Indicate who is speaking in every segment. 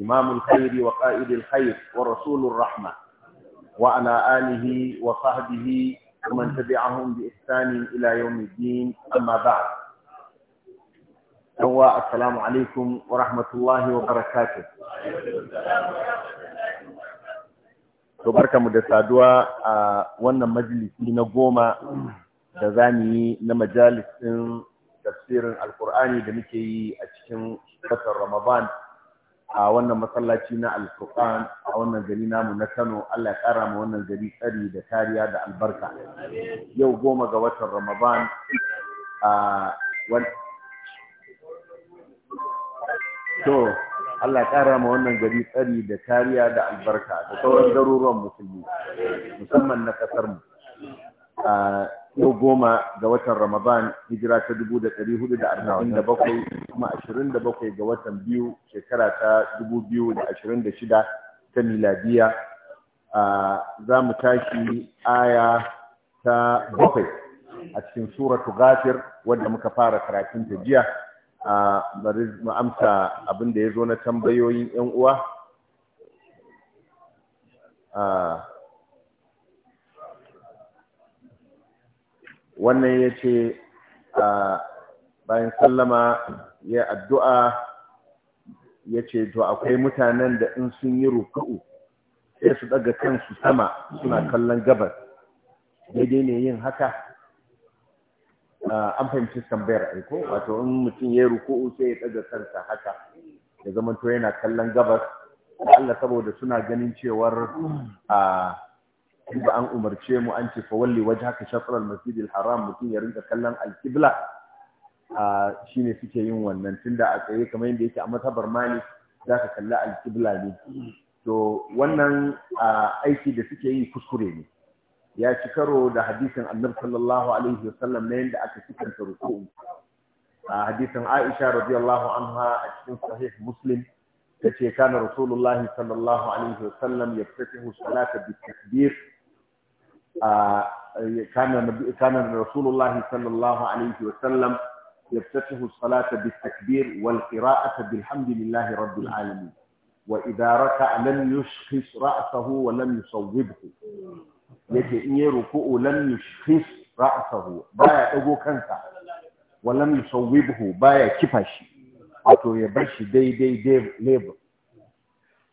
Speaker 1: إمام الخير وقائد الخير ورسول الرحمة وعلى آله وصحبه ومن تبعهم بإحسان إلى يوم الدين أما بعد هو السلام عليكم ورحمة الله وبركاته تبارك مدسادوا وانا مجلسي نقوم da za mu yi na majalisin tafsirin alkur'ani da muke yi a a wannan masallaci na alfurqan a wannan gari namu na Kano Allah ya kara mu wannan gari tsari da kariya da albarka yau goma ga watan Ramadan a to Allah ya kara mu wannan gari tsari da kariya da albarka da sauran garuruwan musulmi musamman na kasar mu yau goma ga watan Ramadan hijira ta dubu da ɗari hudu da arba'in da bakwai kuma ashirin da bakwai ga watan biyu shekara ta dubu biyu da ashirin da shida ta miladiya za mu tashi aya ta bakwai a cikin sura ghafir wadda muka fara karatun ta jiya bari mu amsa abin da ya zo na tambayoyin 'yan uwa wannan ya ce bayan sallama ya addu'a ya ce to akwai mutanen da in sun yi ruku'u sai su daga kansu sama suna kallon gabas daidai ne yin haka an fahimci tambayar aiko wato in mutum ya yi ruku'u sai ya daga kansa haka ya zama to yana kallon gabas Allah saboda suna ganin cewar a inda an umarce mu an ce fa walli waje haka al-masjid haram mutum ya rinka kallon alkibla qibla shine suke yin wannan tunda a tsaye kamar yadda yake a matabar mali zaka kalli alkibla ne to wannan aiki da suke yi kuskure ne ya ci karo da hadisin annabi sallallahu alaihi wasallam na yadda aka cikanta ruku'u a hadisin Aisha radiyallahu anha a cikin sahih Muslim tace kana Rasulullah sallallahu alaihi wasallam yaftatihu salata bi takbir كان رسول الله صلى الله عليه وسلم يفتتح الصلاة بالتكبير والقراءة بالحمد لله رب العالمين وإذا ركع لم يشخص رأسه ولم يصوبه yake in yi ruku'u lam yushkhis ra'sahu baya dago kansa wa lam yusawwibhu baya kifa shi wato ya bar shi daidai level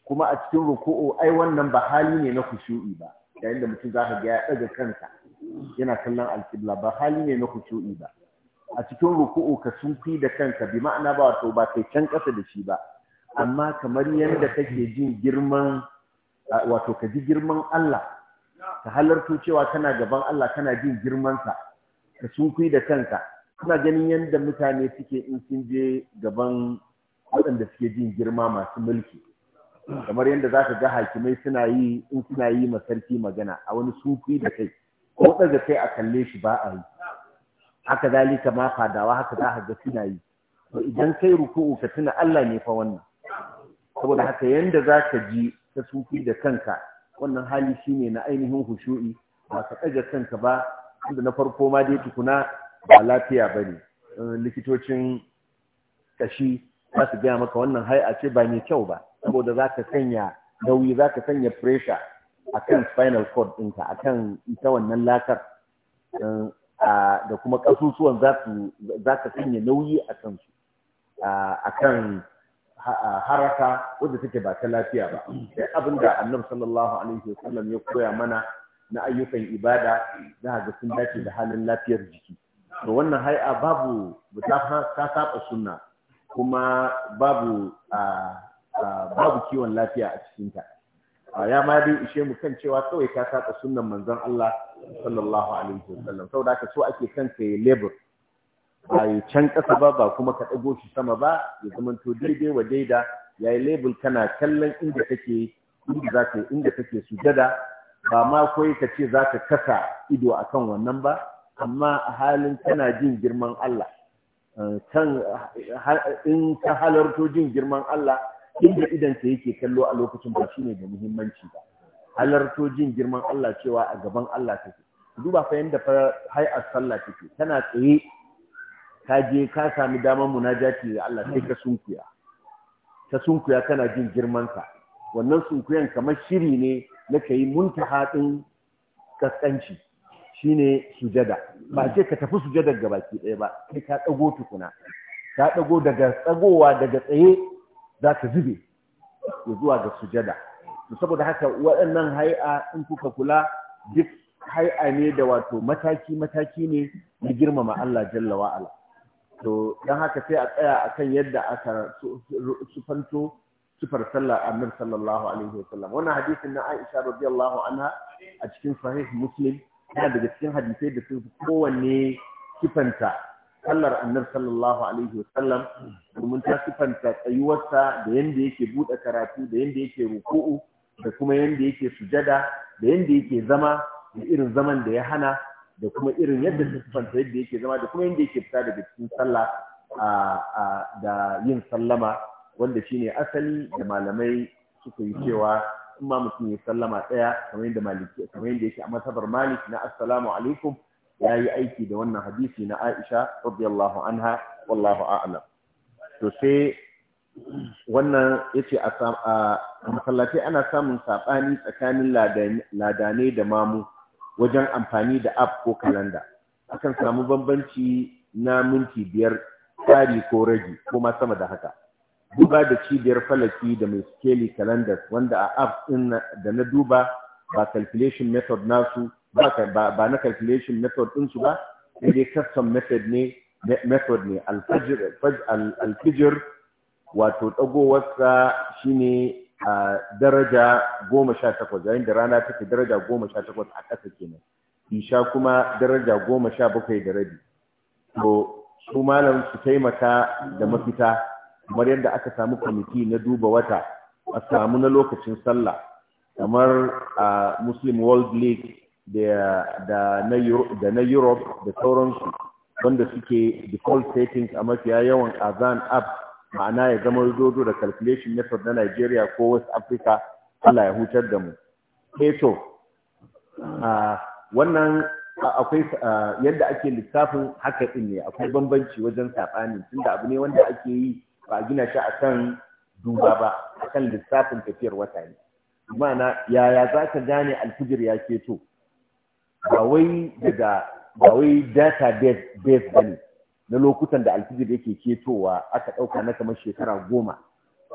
Speaker 1: kuma a cikin ruku'u ai wannan ba hali ne na kushu'i ba yayin da mutum za ka ga ya ɗaga kanka yana kallon alƙibla ba hali ne na kushu'i ba a cikin ruku'u ka sunfi da kanka bi ma'ana ba wato ba kai can ƙasa da shi ba amma kamar yadda kake jin girman wato ka ji girman Allah ka halarto cewa kana gaban Allah kana jin girmansa ka sunfi da kanka kana ganin yadda mutane suke in sun je gaban waɗanda suke jin girma masu mulki kamar yadda za ka ga hakimai suna yi in suna yi ma sarki magana a wani sufi da kai ko daga kai a kalle shi ba a yi haka zalika ma fadawa haka za ka ga suna yi to idan kai ruku'u ka tuna Allah ne fa wannan saboda haka yanda za ka ji ta sufi da kanka wannan hali shine na ainihin hushu'i ba ka ɗaga kanka ba tunda na farko ma dai tukuna ba lafiya ba ne likitocin ƙashi za su gaya maka wannan hai'a ce ba mai kyau ba saboda za ka sanya nauyi za ka sanya pressure a kan spinal cord ɗinka a kan ita wannan lakar eh, da kuma ƙasusuwan za ka sanya nauyi a su a kan haraka wadda take ba ta lafiya ba sai abin da annabi sallallahu alaihi wasallam ya koya mana na ayyukan ibada za ga sun dace da halin lafiyar jiki to wannan hai'a babu ta saba sunna kuma babu babu kiwon lafiya a cikinta ya ma dai ishe mu kan cewa kawai ka saka sunnan manzon Allah sallallahu alaihi wasallam da ka so ake kan ka labor ba can ƙasa ba ba kuma ka ɗago shi sama ba ya zama to daidai wa daida ya yi label kana kallon inda kake inda za ka inda kake sujada ba ma kawai ka ce za ka kasa ido akan wannan ba amma a halin kana jin girman Allah eh, kan in ka halarto jin girman Allah inda idansa yake kallo a lokacin ba shine da muhimmanci ba halarto jin girman Allah cewa a gaban Allah take duba fa yanda fa hay'ar sallah take tana tsaye ka je ka sami damar munajati da Allah sai ka sunkuya Ka sunkuya kana jin girman sa wannan sunkuyan kamar shiri ne na kai muntaha din kaskanci shine sujada ba ce ka tafi sujadar gabaki ɗaya ba sai ka dago tukuna ka dago daga tsagowa daga tsaye za ka zube ya zuwa ga sujada saboda haka waɗannan hai'a in kuka kula duk hai'a ne da wato mataki-mataki ne na girmama Allah jalla wa'ala to don haka sai a tsaya a kan yadda aka sufanto sufar sallar amir sallallahu alaihi wasallam wannan hadisin na Aisha radiyallahu anha a cikin sahih Muslim yana daga cikin hadisai da sun kowanne kifanta sallar annabi sallallahu alaihi wasallam domin ta sifanta tsayuwarsa da yanda yake buɗe karatu da yanda yake ruku'u da kuma yanda yake sujada da yanda yake zama da irin zaman da ya hana da kuma irin yadda ta sifanta yadda yake zama da kuma yanda yake fita daga cikin sallah da yin sallama wanda shine asali da malamai suka yi cewa in ma mutum ya sallama ɗaya kamar yadda maliki kamar yadda yake a masabar malik na assalamu alaikum ya yi aiki da wannan hadisi na Aisha radiyallahu anha wallahu a'lam to sai wannan yace a masallaci ana samun sabani tsakanin ladane da mamu wajen amfani da app ko kalanda akan samu bambanci na minti biyar tsari ko ragi ko ma sama da haka duba da cibiyar falaki da mai skeli calendar wanda a app din da na duba ba calculation method nasu ba na calculation method din su ba sai dai custom method ne method ne alfijir wato sa shine a daraja goma yayin da rana take daraja goma a ƙasa kenan isha kuma daraja goma sha bakwai da rabi to su malam su taimaka da mafita kamar yadda aka samu kwamiti na duba wata a samu na lokacin sallah kamar a muslim world league da na Europe da sauransu wanda suke default settings a mafiya yawan azan app ma'ana ya zama dodo da calculation method na Nigeria ko West Africa Allah ya hutar da mu. Eto, eh wannan akwai yadda ake lissafin haka ɗin ne akwai bambanci wajen saɓani tunda abu ne wanda ake yi ba a gina shi a kan duba ba a kan lissafin tafiyar wata ne. Mana yaya za ka gane alfijir ya keto? ba wai data base bane na lokutan da alfijir yake ketowa aka ɗauka na kamar shekara goma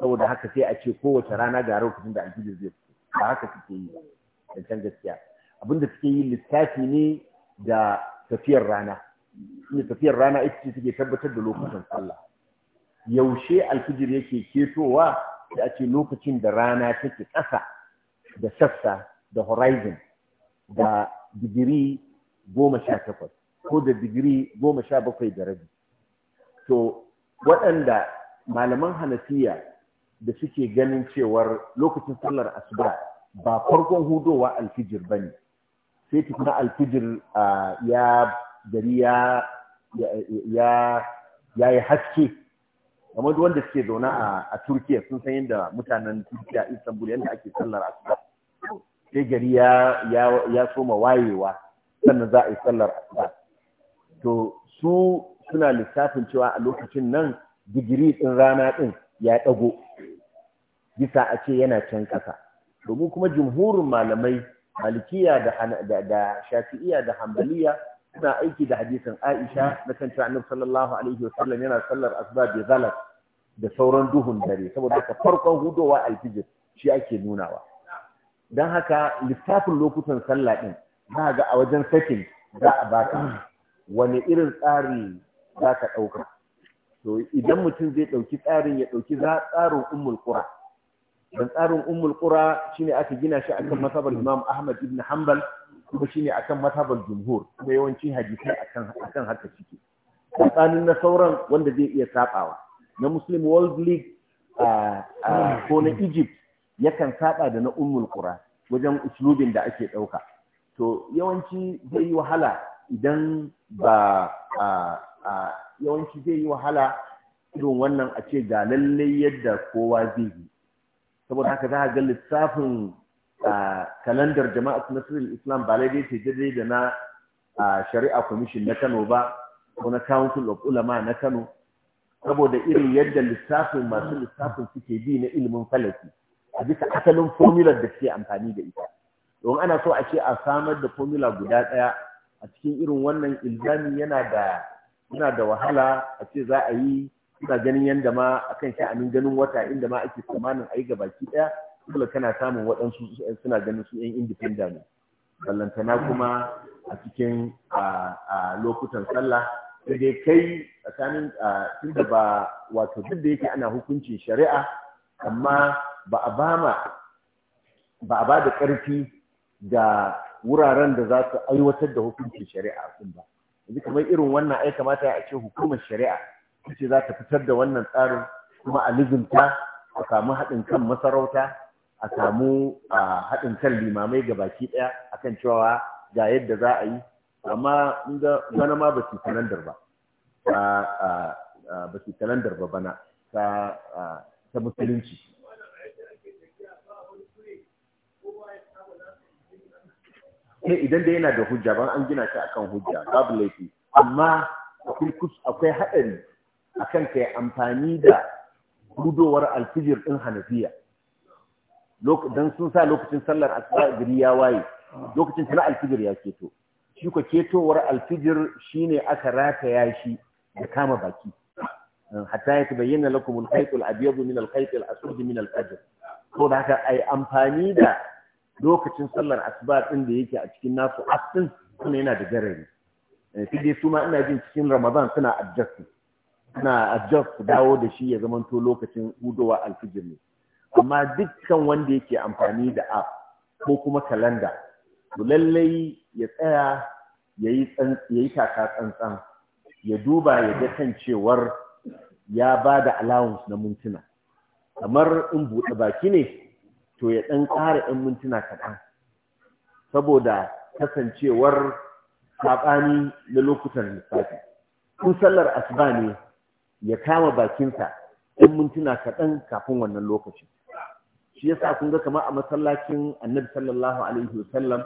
Speaker 1: saboda haka sai a ce kowace rana ga lokacin da alfijir zai fito ba haka suke yi da can gaskiya abinda suke yi lissafi ne da tafiyar rana inda tafiyar rana ita ce suke tabbatar da lokutan sallah yaushe alfijir yake ketowa da a ce lokacin da rana take ƙasa da sassa da horizon da digiri goma sha takwas ko da digiri goma sha bakwai da rabi to waɗanda malaman hanafiya da suke ganin cewar lokacin sallar asuba ba farkon hudowa alfijir ba ne sai tukuna alfijir ya gari ya yi haske kamar wanda suke zaune a turkiya sun san yadda mutanen turkiya istanbul yadda ake sallar asuba sai gari ya soma wayewa sannan za a yi sallar asuba to su suna lissafin cewa a lokacin nan digiri ɗin rana ɗin ya ɗago bisa a ce yana can ƙasa domin kuma jumhurin malamai malikiya da shafi'iya da hambaliya suna aiki da hadisin aisha na kan cewa annabi sallallahu alaihi wasallam yana sallar asuba bi zalat da sauran duhun dare saboda ka farkon hudowa alfijir shi ake nunawa don haka littafin lokutan sallah ɗin na ga a wajen sakin za a baka wani irin tsari za ka ɗauka to idan mutum zai ɗauki tsarin ya ɗauki tsarin ummul qura dan tsarin ummul qura shine aka gina shi akan masabar imam ahmad ibn hanbal kuma shine akan masabar jumhur kuma yawanci hadisi akan akan haka ciki. tsakanin na sauran wanda zai iya sabawa na muslim world league ko na egypt yakan saba da na ummul qura wajen uslubin da ake ɗauka to yawanci zai yi wahala idan ba a yawanci zai yi wahala irin wannan a ce ga lallai yadda kowa zai yi saboda haka za a ga lissafin kalandar na nasarar islam ba laidai ce daidai da na shari'a commission na kano ba ko na council of ulama na kano saboda irin yadda lissafin masu lissafin suke bi na ilimin falaki a bisa asalin formular da suke amfani da ita don ana so a ce a samar da formula guda ɗaya a cikin irin wannan ilzami yana da yana da wahala a ce za a yi ina ganin yadda ma akan sha'anin ganin wata inda ma ake tsammanin a yi gabaki ɗaya kuma kana samun waɗansu suna ganin su yan independent ballantana kuma a cikin a lokutan sallah sai dai kai tsakanin tunda ba wato duk da yake ana hukuncin shari'a amma ba a ba ba a ba da ƙarfi da wuraren da za su aiwatar da hukuncin shari'a sun ba yanzu kamar irin wannan ai kamata a ce hukumar shari'a ce za ta fitar da wannan tsarin kuma a lizinta a samu haɗin kan masarauta a samu haɗin kan limamai ga baki ɗaya akan cewa ga yadda za a yi amma inda bana ma ba su kalandar ba ba su kalandar ba bana ta musulunci sai idan da yana da hujja ban an gina shi akan hujja babu laifi amma akwai akwai haɗari akan kai amfani da gudowar alfijir ɗin hanafiya don sun sa lokacin sallar asuba gari ya waye lokacin na alfijir ya keto shi ko ketowar alfijir shine aka rataya shi da kama baki hatta ya bayyana lakum al-khayt al-abyad min al-khayt min al Ko da haka ai amfani da lokacin sallar asuba din da yake a cikin nasu asin kuma yana da garari eh, sai dai su ma ina jin cikin ramadan suna adjust suna adjust dawo da shi ya zamanto lokacin hudowa alfijir ne amma dukkan wanda yake amfani da app ko kuma kalanda to lallai ya tsaya ya yi taka tsantsan ya duba ya ga kan cewar ya ba da allowance na mintuna kamar in buɗe baki ne to ya ɗan ƙara ‘yan mintuna kaɗan saboda kasancewar saɓani na lokutan lissafi. Kun sallar asuba ne ya kama bakinsa ‘yan mintuna kaɗan kafin wannan lokaci Shi ya sa kun ga kama a masallacin annabi sallallahu alaihi wasallam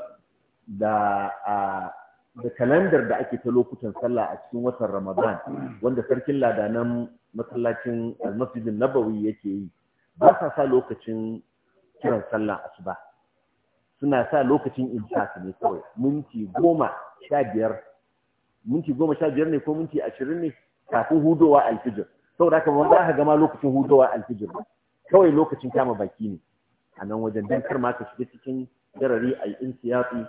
Speaker 1: da da kalandar da ake ta lokutan sallah a cikin watan Ramadan wanda sarkin ladanan masallacin almasjidin Nabawi yake yi ba sa sa lokacin kiran sallan asuba suna sa lokacin insha ne kawai minti goma sha biyar minti goma sha biyar ne ko minti ashirin ne kafin hudowa alfijir saboda haka aka za ka gama lokacin hudowa alfijir ba kawai lokacin kama baki ne a nan wajen don kar ka shiga cikin jarari a in siyasi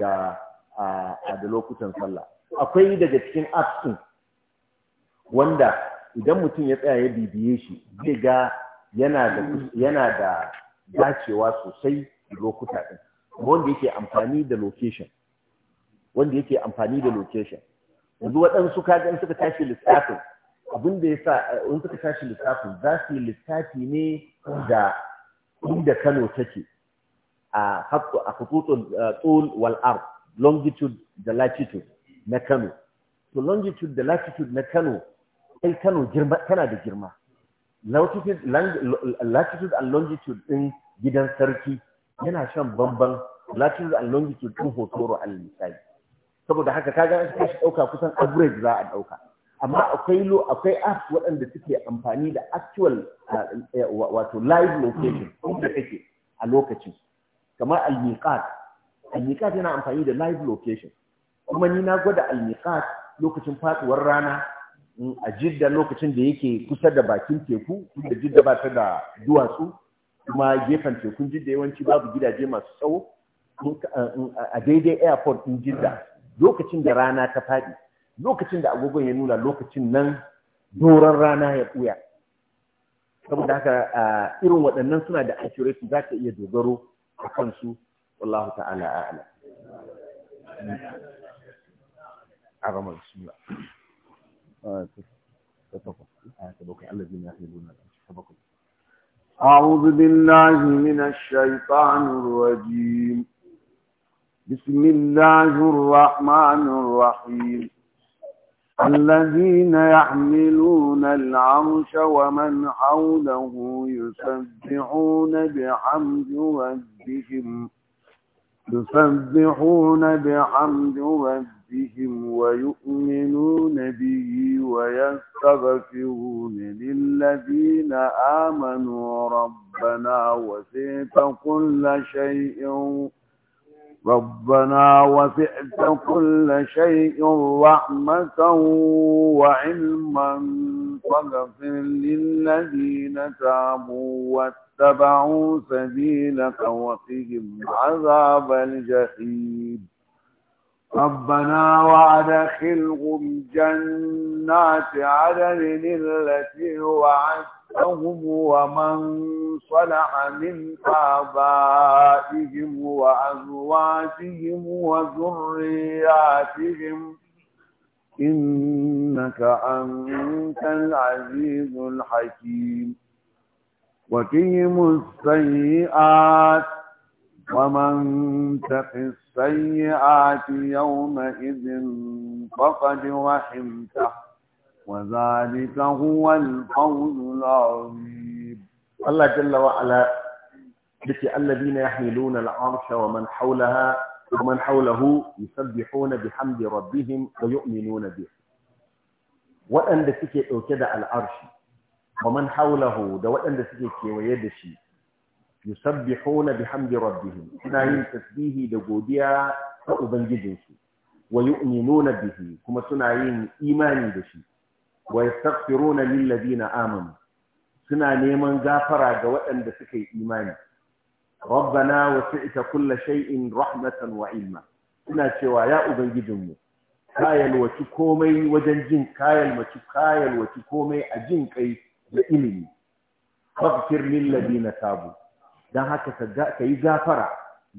Speaker 1: da a da lokutan sallah akwai daga cikin apps wanda idan mutum ya tsaya ya bibiye shi zai ga yana da yana da dacewa sosai lokuta ɗin wanda yake amfani da location wanda yake amfani da location yanzu waɗansu kaga in suka tashi lissafin abin da ya sa eh, in suka tashi lissafin za su yi lissafi ne da inda Kano take a hakku a hukutun eh, tsohon wal'ar longitude da latitude na Kano to longitude da latitude na Kano ai Kano girma tana da girma latitude and longitude ɗin gidan sarki yana shan bamban latitude and longitude ɗin hotoro al misali saboda haka kaga an shi ɗauka kusan average za a ɗauka amma akwai lo akwai apps waɗanda suke amfani da actual eh, wato live location inda kake a lokacin kamar al-miqat al-miqat yana amfani da live location kuma ni na gwada al-miqat lokacin faduwar rana a jidda lokacin da yake kusa da bakin teku da jidda ba ta da duwatsu kuma gefen tekun jidda yawanci babu gidaje masu tsawo a daidai airport ɗin jidda lokacin da rana ta faɗi lokacin da agogon ya nuna lokacin nan doron rana ya ɓuya saboda haka irin waɗannan suna da accuracy za ka iya dogaro a kansu wallahu ta'ala a'ala a ramar أعوذ بالله
Speaker 2: من الشيطان الرجيم بسم الله الرحمن الرحيم الذين يحملون العرش ومن حوله يسبحون بحمد ربهم يسبحون بحمد ربهم ويؤمنون به ويستغفرون للذين آمنوا ربنا وسعت كل شيء ربنا وسعت كل شيء رحمة وعلما فاغفر للذين تابوا اتبعوا سبيلك وقهم عذاب الجحيم ربنا وادخلهم جنات عدن التي وعدتهم ومن صلح من آبائهم وأزواجهم وذرياتهم إنك أنت العزيز الحكيم وقيموا السيئات ومن تق السيئات يومئذ فقد رحمته وذلك
Speaker 1: هو القول العظيم الله جل وعلا بك الذين يحملون العرش ومن حولها ومن حوله يسبحون بحمد ربهم ويؤمنون به وأن بسكي أوكد العرش wa man haulahu da waɗanda suke kewaye da shi yusabbihuna bihamdi rabbihim suna yin tasbihi da godiya ta ubangijinsu wa yu'minuna bihi kuma suna yin imani da shi wa yastaghfiruna lil ladina amanu suna neman gafara ga waɗanda suka yi imani rabbana wasi'ta kulla shay'in rahmatan wa ilma suna cewa ya ubangijinmu kayalwaci komai wajen jin kayal kayalwaci komai a jin kai da ilimi faghfir lil ladina Sabu, dan haka ka yi gafara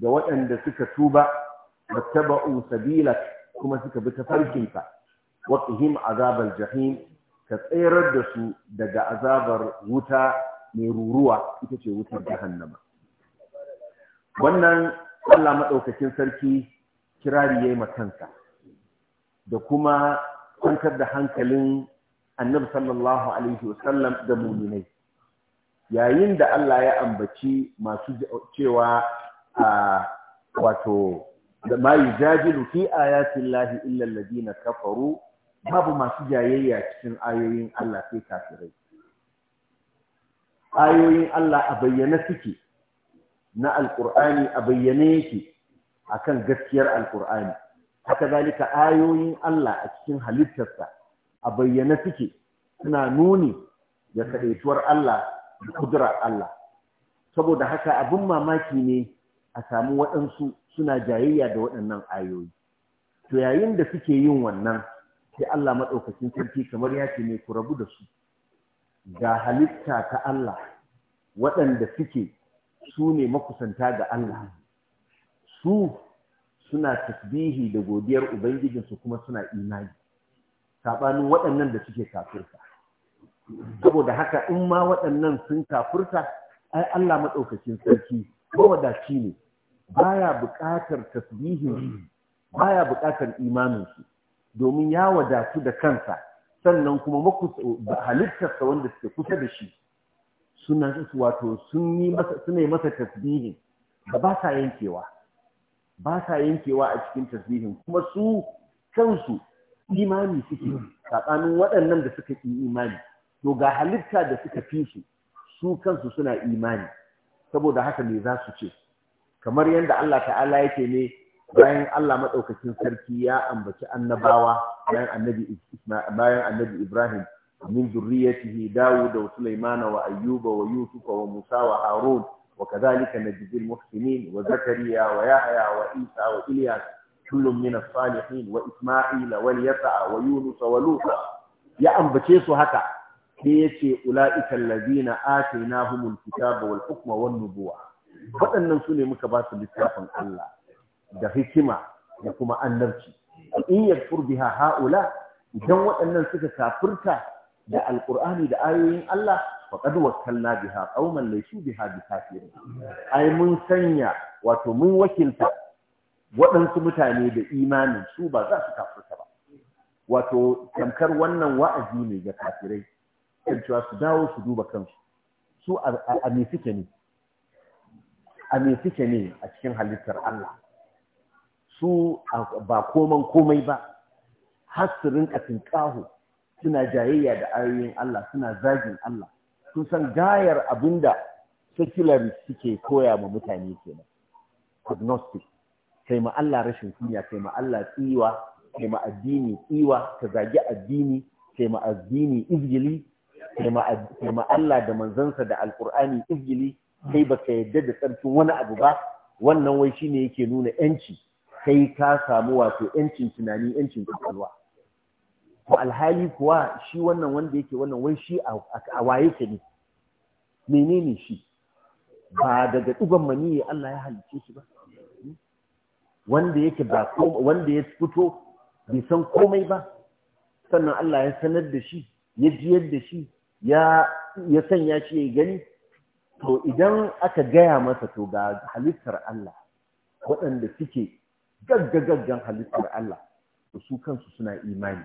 Speaker 1: ga waɗanda suka tuba wattaba'u sabilat kuma suka bi tafarkinka waqihim azabar jahim ka tsayar da su daga azabar wuta mai ruruwa ita ce wutar jahannama wannan Allah maɗaukakin sarki kirari ya yi makansa da kuma kwantar da hankalin annabi sallallahu alaihi wasallam da muminai yayin da Allah ya ambaci masu cewa a wato da ma yujadilu fi ayati illa alladhina kafaru babu masu jayayya cikin ayoyin Allah sai kafirai ayoyin Allah a bayyane suke na alqur'ani a bayyane yake akan gaskiyar alqur'ani haka zalika ayoyin Allah a cikin halittarsa a bayyana suke suna nuni da kaɗaituwar Allah da kudurar Allah saboda haka abin mamaki ne a samu waɗansu suna jayayya da waɗannan ayoyi to yayin da suke yin wannan sai Allah maɗaukacin sarki kamar ya ce mai ku rabu da su ga halitta ta Allah waɗanda suke su ne makusanta ga Allah su suna tasbihi da godiyar Ubangijinsu kuma suna imani saɓanin waɗannan da suke kafirta saboda haka in ma waɗannan sun kafirta ai Allah maɗaukacin sarki wadaci ne baya buƙatar tasbihin baya buƙatar imaninsu, domin ya wadatu da kansa sannan kuma halittarsa wanda suke kusa da shi suna wato sun yi masa suna yi masa tasbihin da ba sa yankewa ba sa yankewa a cikin tasbihin kuma su kansu imani suke tsakanin waɗannan da suka yi imani to ga halitta da suka fi su su kansu suna imani saboda haka ne za su ce kamar yadda Allah ta'ala yake ne bayan Allah maɗaukacin sarki ya ambaci annabawa bayan annabi bayan annabi Ibrahim min zurriyatihi Dawud wa Sulaiman wa Ayyub wa Yusuf wa Musa wa Harun wa kadhalika najzil muhsinin wa Zakariya wa Yahaya wa Isa wa Ilyas kullum min as-salihin wa isma'il wa yasa wa Yunusa wa luta ya ambace su haka sai yace ulaika na atainahumul kitaba wal hukma wan nubuwa waɗannan su ne muka ba su littafin Allah da hikima da kuma annabci in yakfur biha haula idan waɗannan suka kafirta da alqur'ani da ayoyin Allah faqad wakkalna biha qauman laysu biha bikafirin ai mun sanya wato mun wakilta waɗansu mutane da imanin su ba za su kafirta ba wato tamkar wannan wa'azi ne ga kafirai kan cewa su dawo su duba kansu su a me suke ne a me suke ne a cikin halittar Allah su ba koman komai ba har su rinka tinkaho suna jayayya da ayoyin Allah suna zagin Allah sun san gayar abinda secular suke koya ma mutane kenan agnostic kai ma Allah rashin kunya kai ma Allah tsiwa kai ma addini tsiwa ka zagi addini kai ma addini izgili kai ma Allah da manzansa da alkur'ani izgili kai ba ka yadda da tsarkin wani abu ba wannan wai shine yake nuna yanci kai ka samu wato yancin tunani yancin kwakwalwa to alhali kuwa shi wannan wanda yake wannan wai shi a waye ke ne menene shi ba daga ɗigon maniyi Allah ya halice shi ba wanda yake ba wanda ya fito bai san komai ba sannan Allah ya sanar da shi ya jiyar da shi ya ya sanya shi ya gani to idan aka gaya masa to ga halittar Allah waɗanda suke gaggagaggan halittar Allah to su kansu suna imani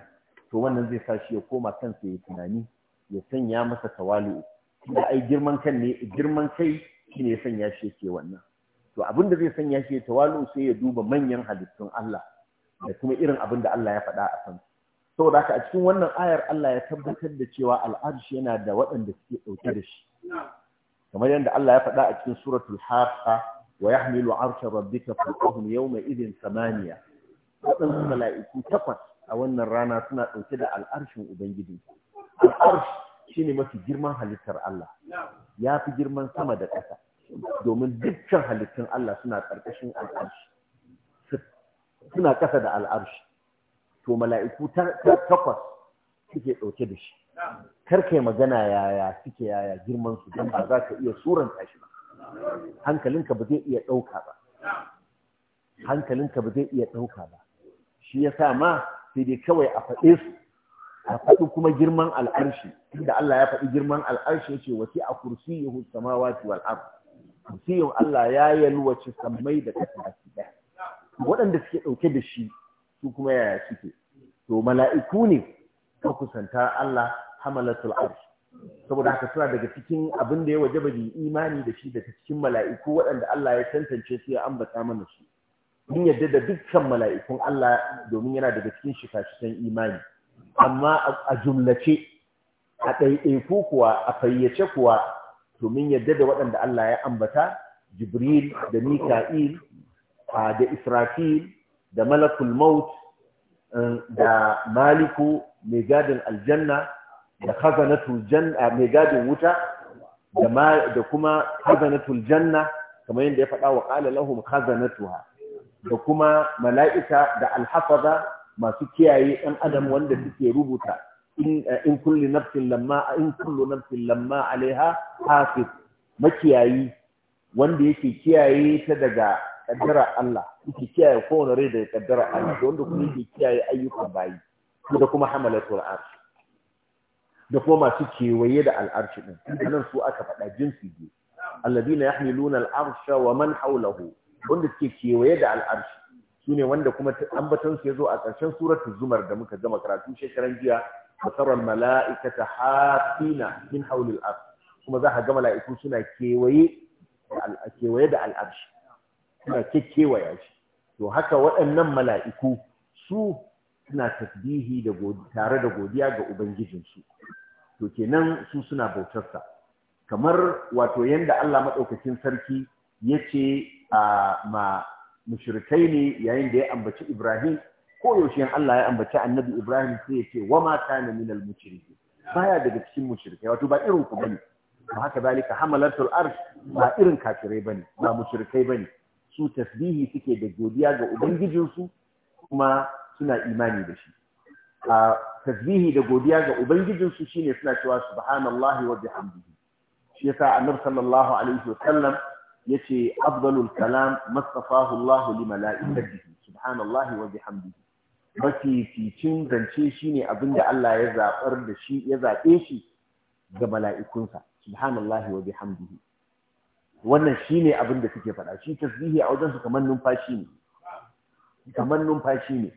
Speaker 1: to wannan zai sa shi ya koma kansa ya tunani ya sanya masa tawali'u da ai girman kan ne girman kai shine ya sanya shi yake wannan to abin da zai sanya shi tawalu sai ya duba manyan halittun Allah da kuma irin abin da Allah ya faɗa a san saboda haka a cikin wannan ayar Allah ya tabbatar da cewa al'arshi yana da waɗanda suke ɗauke da shi kamar yadda Allah ya faɗa a cikin suratul haqa wa yahmilu arsha rabbika fawqahum yawma idhin samaniya waɗansu mala'iku takwas a wannan rana suna ɗauke da al'arshin ubangiji al'arsh shine mafi girman halittar Allah ya fi girman sama da ƙasa domin dukkan halittun Allah suna ƙarƙashin al'arshi suna ƙasa da al'arshi to mala'iku takwas suke ɗauke da shi karkai magana yaya suke yaya girman su don ba za ka iya suranta shi ba hankalinka ba zai iya ɗauka ba hankalinka ba zai iya ɗauka ba shi ya sa ma sai dai kawai a faɗe su a faɗi kuma girman al'arshi inda Allah ya faɗi girman al'arshi ya ce wasi a kursi yahu samawa wal ardh kursiyin Allah ya yalwace sammai da ƙasa baki ɗaya waɗanda suke ɗauke da shi su kuma yaya suke to mala'iku ne ka kusanta Allah hamalatul arsh saboda haka suna daga cikin abin da ya waje bai imani da shi daga cikin mala'iku waɗanda Allah ya tantance su ya ambata mana su mun yadda da dukkan mala'ikun Allah domin yana daga cikin shikashikan imani amma a jumlace a ɗaiɗaiku kuwa a fayyace kuwa to yadda da waɗanda Allah ya ambata Jibril da Mika'il da Israfil da Malakul Maut eh, da Maliku mai gadin aljanna da khazanatul janna mai gadin wuta da kuma khazanatul janna kamar yadda ya faɗa wa ƙala lahum khazanatuha da kuma mala'ika da alhafaza masu kiyaye ɗan adam wanda suke rubuta Eh, in kulli nafsin lamma in kullu nafsin lamma alaiha hafiz makiyayi wanda yake kiyaye ta daga kaddara Allah yake kiyaye kowane rai daga kaddara Allah da wanda kuma yake kiyaye ayyukan bayi da kuma hamalatul arsh da kuma masu kewaye da al'arshi din nan su aka faɗa jinsi ne alladina yahmiluna al'arsha wa man hawlahu wanda suke kewaye da al'arshi shine wanda kuma ambaton su yazo a ƙarshen suratu zumar da muka gama karatu shekaran jiya وترى الملائكة حافين من حول الأرض كما ذا حاجة ملائكة سنة كيوي كيوي دع الأرش سنة كيوي عش وهكا وأن ملائكة سو سنة تسبيه تارة دقوديا أبنجيجن سو to kenan كنن suna سنة kamar كمر واتو Allah الله sarki ya ce ma mushrikai ne yayin da ya ambaci Ibrahim ko yaushe Allah ya ambaci annabi Ibrahim sai ya ce wa ma kana minal mushrikin baya daga cikin mushrikai wato ba irin ku bane ba haka zalika hamalatul arsh ba irin kafirai bane ba mushrikai bane su tasbihi suke da godiya ga ubangijinsu kuma suna imani da shi a tasbihi da godiya ga ubangijinsu shine suna cewa subhanallahi wa bihamdihi shi yasa annabi sallallahu alaihi wa sallam yace afdalul kalam mastafahu Allah li malaikatihi subhanallahi wa bihamdihi mafificin zance shine abinda Allah ya zabar da shi ya zaɓe shi ga mala'ikunsa subhanallahi wa bihamdihi wannan shine abinda suke faɗa shi tasbihi a wajen su kamar numfashi ne kamar numfashi ne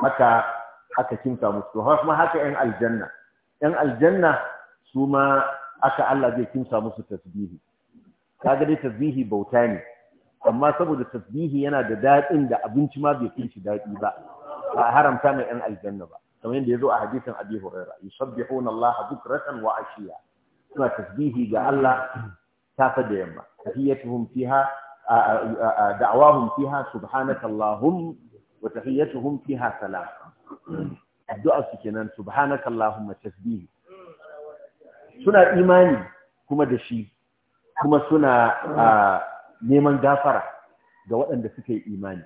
Speaker 1: haka aka kinta musu to kuma haka yan aljanna yan aljanna su ma aka Allah zai kinta musu tasbihi kaga dai tasbihi bauta ne amma saboda tasbihi yana da daɗin da abinci ma bai fi shi daɗi ba ba haramta mai yan aljanna ba kamar yadda ya zo a hadisin abi huraira yusabbihuna allah bukratan wa ashiya suna tasbihi ga allah safa da yamma tahiyyatuhum fiha da'awahum fiha subhanaka allahum wa tahiyyatuhum fiha salam addu'a su kenan subhanaka allahumma tasbihi suna imani kuma da shi kuma suna neman gafara ga waɗanda suka yi imani.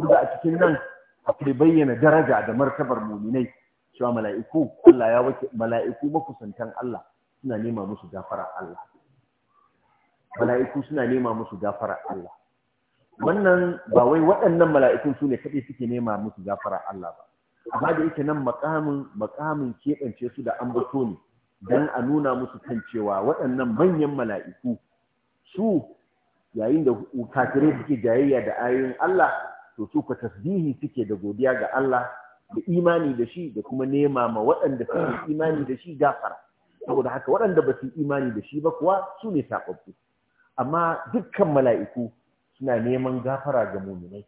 Speaker 1: Duk a cikin nan akwai bayyana daraja da martabar muminai cewa mala'iku Allah ya wake mala'iku makusantan Allah suna nema musu gafara Allah mala'iku suna nema musu gafara Allah wannan ba wai waɗannan mala'ikun su ne kaɗai suke nema musu gafara Allah ba amma da yake nan makamin makamin keɓance su da ambato ne dan a nuna musu kan cewa waɗannan manyan mala'iku su yayin da kafirai suke jayayya da ayoyin Allah to su tasbihi suke da godiya ga Allah da imani da shi da kuma nema ma waɗanda suke imani da shi gafara saboda haka waɗanda ba su imani da shi ba kuwa su ne saɓaɓɓu amma dukkan mala'iku suna neman gafara ga muminai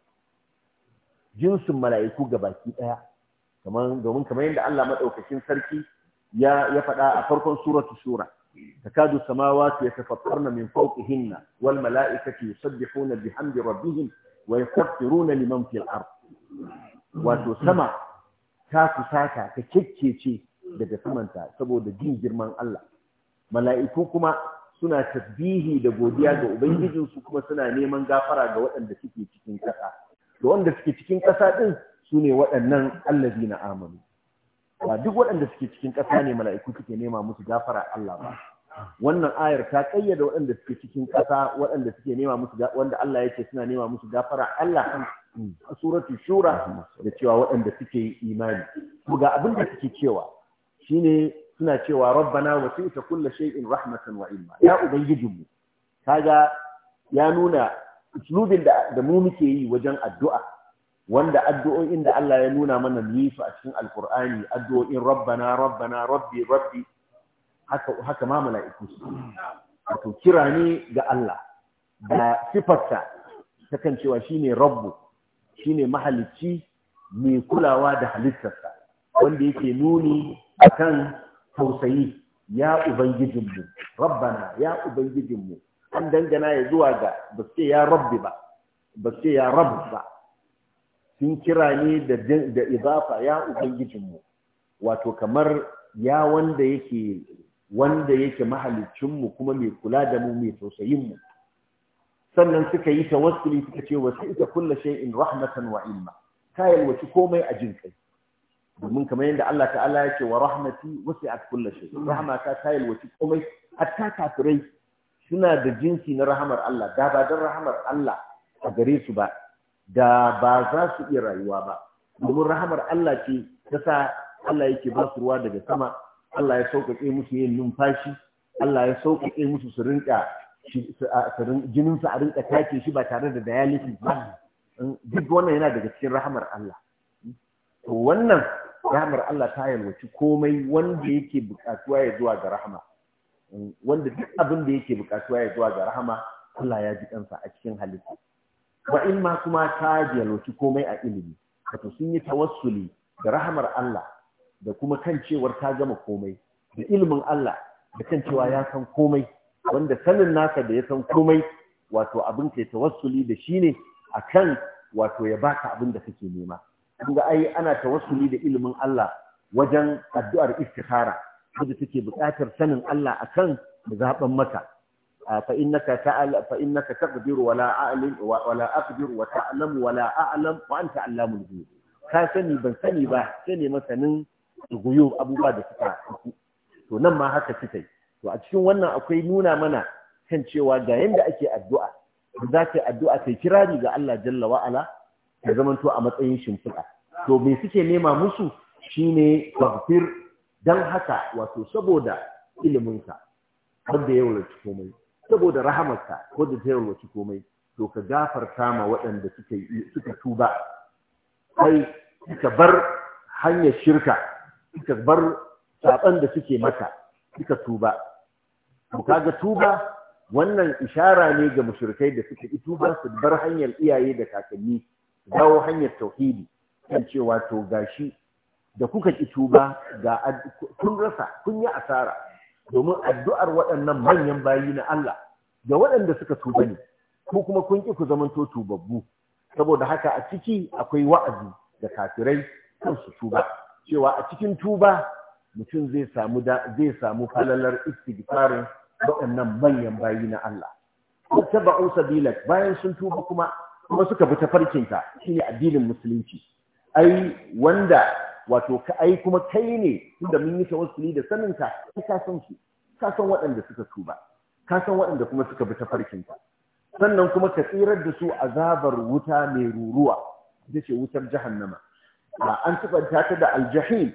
Speaker 1: jinsin mala'iku ga baki ɗaya kamar domin kamar yadda Allah Madaukakin sarki ya ya faɗa a farkon suratu sura takadu samawati yatafattarna min fawqihinna wal mala'ikatu yusabbihuna bihamdi rabbihim wa yastaghfiruna liman fil ard wato sama ta kusata ta kekkece daga samanta saboda jin girman Allah mala'iku kuma suna tasbihi da godiya ga su kuma suna neman gafara ga waɗanda suke cikin ƙasa da wanda suke cikin ƙasa din sune waɗannan allazina amanu ba duk waɗanda suke cikin ƙasa ne mala'iku suke nema musu gafara Allah ba wannan ayar ta kayyada waɗanda suke cikin ƙasa waɗanda suke nema musu wanda Allah ce suna nema musu gafara Allah a suratu shura da cewa waɗanda suke imani ga abin da suke cewa shine suna cewa rabbana wasi'ta kulli shay'in rahmatan wa ilma ya ubangijinmu kaga ya nuna uslubin da da mu muke yi wajen addu'a wanda addu'o'in da Allah ya nuna mana mu yi su a cikin alqur'ani addu'o'in rabbana rabbana rabbi rabbi haka ma mala'iku su wato kira ne ga Allah da sifarta ta kan cewa shine rabbu shine mahalicci mai kulawa da halittarsa wanda yake nuni a kan tausayi ya ubangijinmu rabbana ya ubangijinmu an dangana ya zuwa ga ba ce ya rabbi ba ba ce ya rabu ba sun kira ne da izafa ya ubangijinmu wato kamar ya wanda yake wanda yake mu kuma mai kula da mu mai mu. sannan suka yi tawassuli suka ce wa sai kulla shay'in rahmatan wa ilma ka yalwaci komai a jin kai domin kamar yadda Allah ta'ala yake wa rahmati wasi'at kulla shay mm. rahmata ta yalwaci komai hatta kafirai suna da jinsi na rahamar Allah da ba dan rahamar Allah a gare su ba da ba za su iya rayuwa ba domin rahamar Allah ce ta sa Allah yake ba su ruwa daga sama Allah ya sauƙaƙe musu yin numfashi Allah ya sauƙaƙe musu su rinƙa jinin su a rinƙa take shi ba tare da dialysis ba duk wannan yana daga cikin rahamar Allah to wannan rahamar Allah ta yalwaci komai wanda yake buƙatuwa ya zuwa ga rahama wanda duk abin da yake buƙatuwa ya zuwa ga rahama Allah ya ji kansa a cikin halitta wa ma kuma ta yalwaci komai a ilimi wato sun yi tawassuli da rahamar Allah da kuma kan cewar ta gama komai da ilimin Allah da kan cewa ya san komai wanda sanin nasa da ya san komai wato abin ka tawassuli da shi ne akan wato ya baka abin da kake nema kun ai ana tawassuli da ilimin Allah wajen addu'ar istikhara wanda take buƙatar sanin Allah akan zaban maka fa innaka ta'al fa innaka taqdiru wala a'lam wala aqdiru wa ta'lamu wala a'lam wa anta allamul ghuyub ka sani ban sani ba sai ne masanin guyu abubuwa da suka haku to nan ma haka suka yi to a cikin wannan akwai nuna mana kan cewa ga yanda ake addu'a za ka yi addu'a kai kirari ga Allah jalla wa'ala ta zamanto a matsayin shimfiɗa to me suke nema musu shine tafsir dan haka wato saboda iliminka wanda ya wulaci komai saboda ko wanda ta wulaci komai to ka gafarta ma waɗanda suka tuba kai suka bar hanyar shirka suka bar saban da suke mata suka tuba to kaga tuba wannan ishara ne ga mushrikai da suka yi tuba su bar hanyar iyaye da kakanni dawo hanyar tauhidi kan cewa to gashi da kuka ki tuba ga kun rasa kun yi asara domin addu'ar waɗannan manyan bayi na Allah ga waɗanda suka tuba ne ko kuma kun ki ku zamanto tubabbu saboda haka a ciki akwai wa'azi da kafirai kan su tuba cewa a cikin tuba mutum zai samu zai samu falalar istighfarin waɗannan manyan bayi na Allah wattaba'u sabilak bayan sun tuba kuma kuma suka bi tafarkinka shine addinin musulunci ai wanda wato ka ai kuma kai ne tunda mun yi tawassuli da saninka kai ka san su ka san waɗanda suka tuba ka san waɗanda kuma suka bi tafarkinka sannan kuma ka tsirar da su azabar wuta mai ruruwa ita ce wutar jahannama ba an sifanta ta da aljahim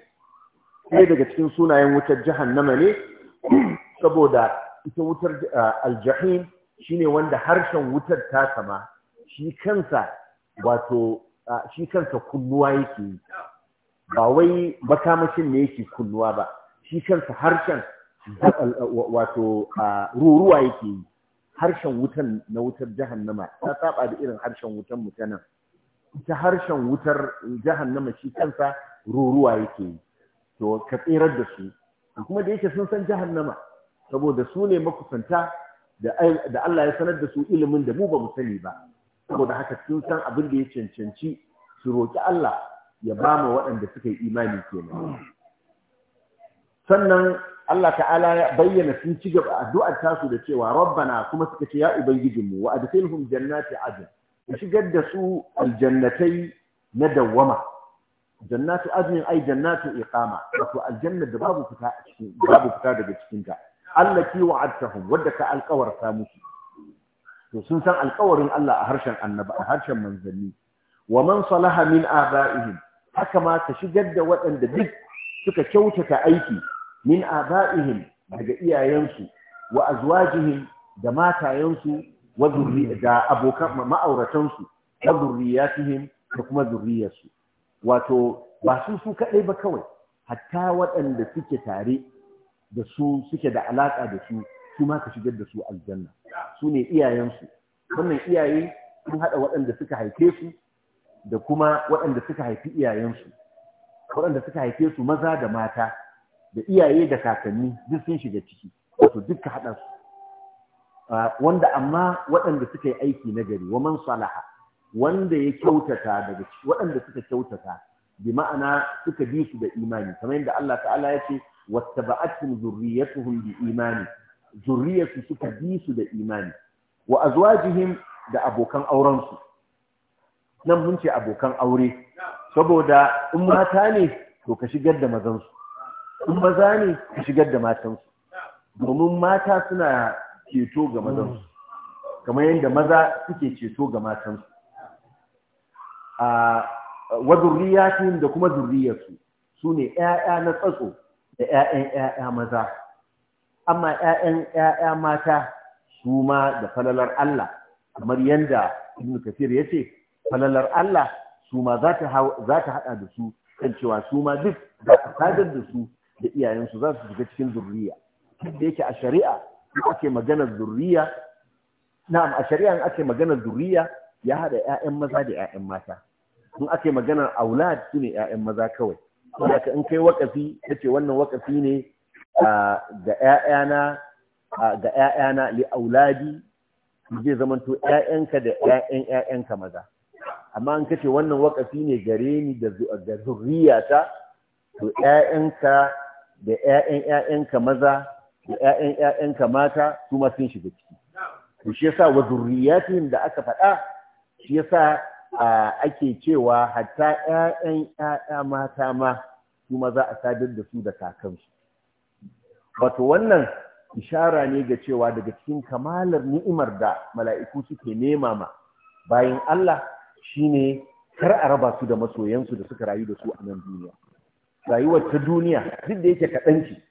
Speaker 1: sai daga cikin sunayen wutar jahannama ne saboda ita wutar eh, aljahim shine wanda harshen wutar ta sama shi kansa wato eh, shi kansa kunnuwa yake yi ba wai makamashin ne yake kulluwa ba shi kansa harshen wato eh, ruruwa yake yi harshen wutan na wutar jahannama ta saba da irin harshen wutan mutanen ta harshen wutar jahannama shi kansa ruruwa yake yi to ka tsirar da su kuma da yake sun san jahannama saboda su ne makusanta da Allah ya sanar da su ilimin da mu ba mu sani ba saboda haka sun san abin da ya cancanci su roƙi Allah ya ba mu waɗanda suka yi imani kenan sannan Allah ta'ala ya bayyana sun ci gaba addu'ar tasu da cewa rabbana kuma suka ce ya ubangijinmu wa adkhilhum jannati adn A shigar da su aljannatai na dawwama jannatu adnin ai jannatu iqama wato aljanna da babu fita a cikin babu fita daga cikin ta allati wa'adtahum wadda ka alƙawarta musu to sun san alƙawarin Allah a harshen annaba a harshen manzanni wa man salaha min aba'ihim haka ma ka shigar da waɗanda duk suka kyautata aiki min aba'ihim daga iyayensu wa azwajihim da matayensu wa da abokan ma'auratansu wa zurriyatihim da kuma zurriyarsu wato ba su su kaɗai ba kawai hatta waɗanda suke tare da su suke da alaƙa da su su ma ka shigar da su aljanna su ne iyayensu wannan iyaye sun haɗa waɗanda suka haife su da kuma waɗanda suka haifi iyayensu waɗanda suka haife su maza da mata da iyaye da kakanni duk sun shiga ciki wato duka haɗa su Ah, wanda amma waɗanda suka yi aiki na gari wa man salaha wanda ya kyautata daga waɗanda suka kyautata bi ma'ana suka bi su da imani kamar yadda Allah ta'ala ya ce wattaba'atun zurriyatuhum bi imani zurriyatu suka bi su da imani wa azwajihim da abokan auren su nan mun ce abokan aure saboda in mata ne to ka shigar da mazan su in maza ne ka shigar da matan su domin mata suna ceto ga su. Hmm. kamar yadda maza suke ceto ga su a wa shi da kuma zurriyarsu su su ne ƴaƴa na tsatso da ƴaƴan ƴaƴa maza amma ƴaƴan ƴaƴa mata su ma da falalar Allah kamar yadda Ibn Kathir ya ce falalar Allah su ma za ta haɗa da su kan cewa su ma duk za ta sadar da su da iyayensu za su shiga cikin zurriya da yake a shari'a ake magana zurriya na'am a shari'a ake magana zuriya, ya hada ƴaƴan maza da ƴaƴan mata in ake maganar aulad shine ƴaƴan maza kawai saboda in kai wakafi kace wannan wakafi ne ga ƴaƴana ga ƴaƴana li auladi zai zama to ƴaƴanka da ƴaƴan ƴaƴanka maza amma in kace wannan wakafi ne gare ni da zurriyata to ƴaƴanka da ƴaƴan ƴaƴanka maza da ƴaƴan ka mata su ma sun shiga ciki to shi yasa wa zurriyatin da aka faɗa shi yasa ake cewa hatta yayan ƴaƴa mata ma su ma za a sadar da su da kakansu wato wannan ishara ne ga cewa daga cikin kamalar ni'imar da mala'iku suke nema ma bayan Allah shine kar a raba su da masoyansu da suka rayu da su a nan duniya rayuwar ta duniya duk da yake kaɗan ce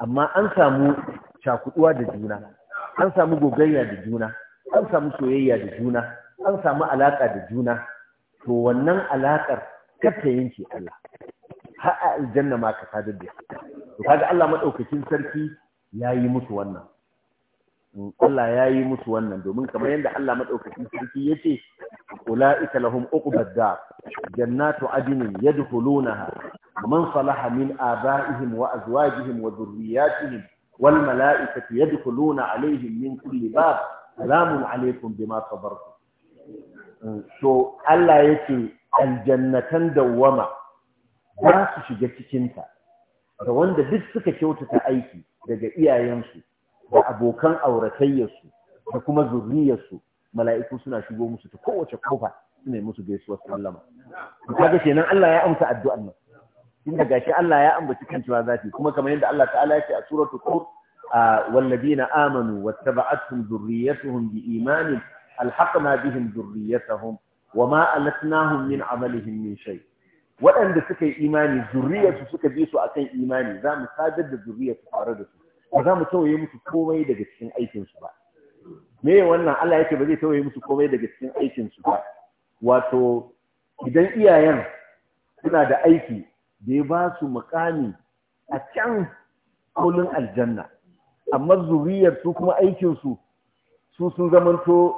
Speaker 1: amma an samu cakuduwa da juna an samu gogayya da juna an samu soyayya da juna an samu alaƙa da juna to wannan alaƙar kar ta yanke Allah har a aljanna ma ka sadar da to kaga Allah madaukakin sarki ya yi musu wannan Allah ya yi musu wannan domin kamar yadda Allah maɗaukakin sarki ya ce, Ula'ika lahum uqbad dar jannatu adinin lunaha, man salaha min abaihim wa azwajihim wa dhurriyyatihim wal mala'ikatu yadkhuluna alaihim min kulli bab salamun alaikum bima
Speaker 3: sabartum
Speaker 1: to Allah ce aljannatan dawwama za su shiga cikinta da wanda duk suka kyautata aiki daga iyayensu da abokan auratayyarsu da kuma zurriyarsu mala'iku suna shigo musu ta kowace kofa suna yi musu gaisuwar sallama kaga kenan Allah ya amsa addu'an nan inda gashi Allah ya ambaci kan cewa zafi kuma kamar yadda Allah ta'ala ya ce a suratul qur والذين amanu واتبعتهم bi بإيمان ألحقنا bihim ذريتهم وما ألتناهم na عملهم من شيء waɗanda suka yi imani zuriyarsu suka bi su akan imani za mu sadar da zuriyarsu tare da su ba za mu tawaye musu komai daga cikin aikinsu ba me wannan Allah yake ba zai tawaye musu komai daga cikin aikinsu ba wato idan iyayen suna da aiki da ya ba su mukami a can kaulin aljanna amma zuriyar su kuma aikinsu su sun zamanto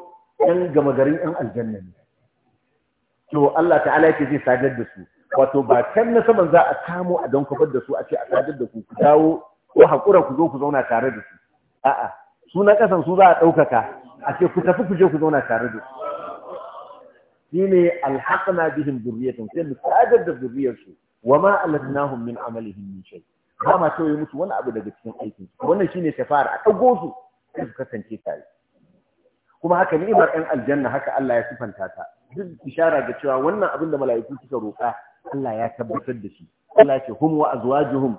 Speaker 1: yan gama garin yan aljanna ne to Allah ta'ala yake zai sadar da su wato ba can na saman za a kamo a don kafar da su a ce a sadar da ku ku dawo ko haƙura ku zo ku zauna tare da su a'a su na ƙasan su za a ɗaukaka a ce ku tafi ku je ku zauna tare da su shi ne alhaƙana bihin zurriyatun sai mu sadar da zurriyarsu wa ma alatnahum min amalihim min shay ba ma tauye musu wani abu daga cikin aikin su wannan shine shafara a dago su sai su kasance tare kuma haka ni'imar ɗan aljanna haka Allah ya sifanta ta duk ishara ga cewa wannan abin da mala'iku suka roƙa Allah ya tabbatar da shi Allah ya ce hum wa azwajuhum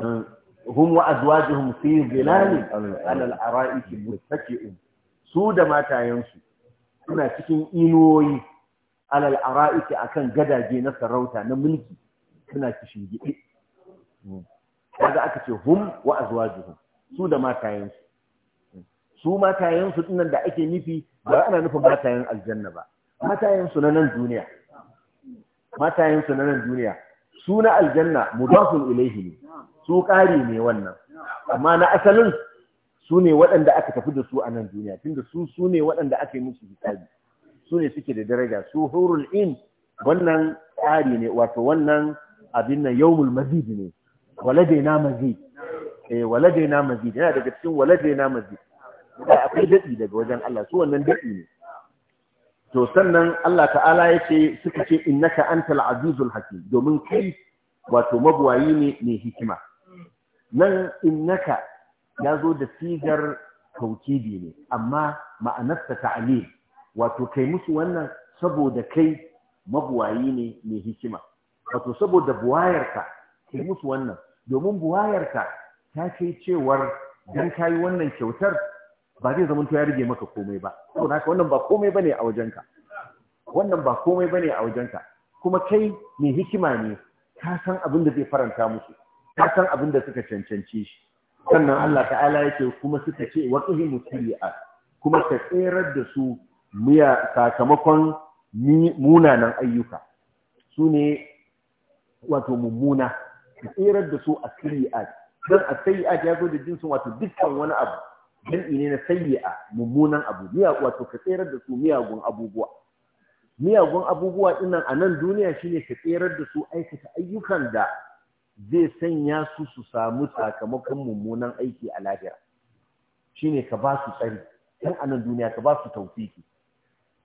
Speaker 1: hmm. hum wa azwajuhum fi zilalin ala al-ara'iki muttaki'un su da matayensu suna cikin inuwoyi alal al-ara'iki akan gadaje na sarauta na mulki suna cikin gidi kaga aka ce hum wa azwajuhum su da matayensu su matayensu dinnan da ake nufi ba ana nufin matayen aljanna ba matayensu na nan duniya matayensu na nan duniya su na aljanna mudafun ilaihi ne su ƙari ne wannan amma na asalin su ne waɗanda aka tafi da su a nan duniya tunda su su ne waɗanda aka yi musu hisabi su ne suke da daraja su hurul in wannan ƙari ne wato wannan abin nan yawmul mazid ne waladaina mazid eh waladaina mazid yana daga cikin waladaina mazid da akwai daɗi daga wajen Allah su wannan daɗi ne to sannan Allah ta'ala ce suka ce innaka antal azizul hakim domin kai wato mabwayi ne ne hikima nan in naka ya zo da sigar taukidi ne amma ma'anarsa ta'ali. wato kai musu wannan saboda kai mabuwayi ne mai hikima wato saboda buwayarka kai musu wannan domin buwayarka ta kai cewar dan kayi wannan kyautar ba zai zama ya rige maka komai ba saboda haka wannan ba komai bane a wajenka wannan ba komai bane a wajenka kuma kai mai hikima ne ka san abin da zai faranta musu ta san abin da suka cancanci shi sannan Allah ta'ala yake kuma suka ce waqihi musii'at kuma ka tsere da su miya sakamakon munanan ayyuka su ne wato mummuna ka tsere da su a sayi'at don a sayi'at ya zo da jinsin wato dukkan wani abu don ine na sayi'a mummunan abu miya wato ka tsere da su miyagun abubuwa miyagun abubuwa dinnan a nan duniya shine ka tsere da su aikata ayyukan da zai sanya su su samu sakamakon mummunan aiki a lahira ne ka ba su tsari yan anan duniya ka ba su taufiki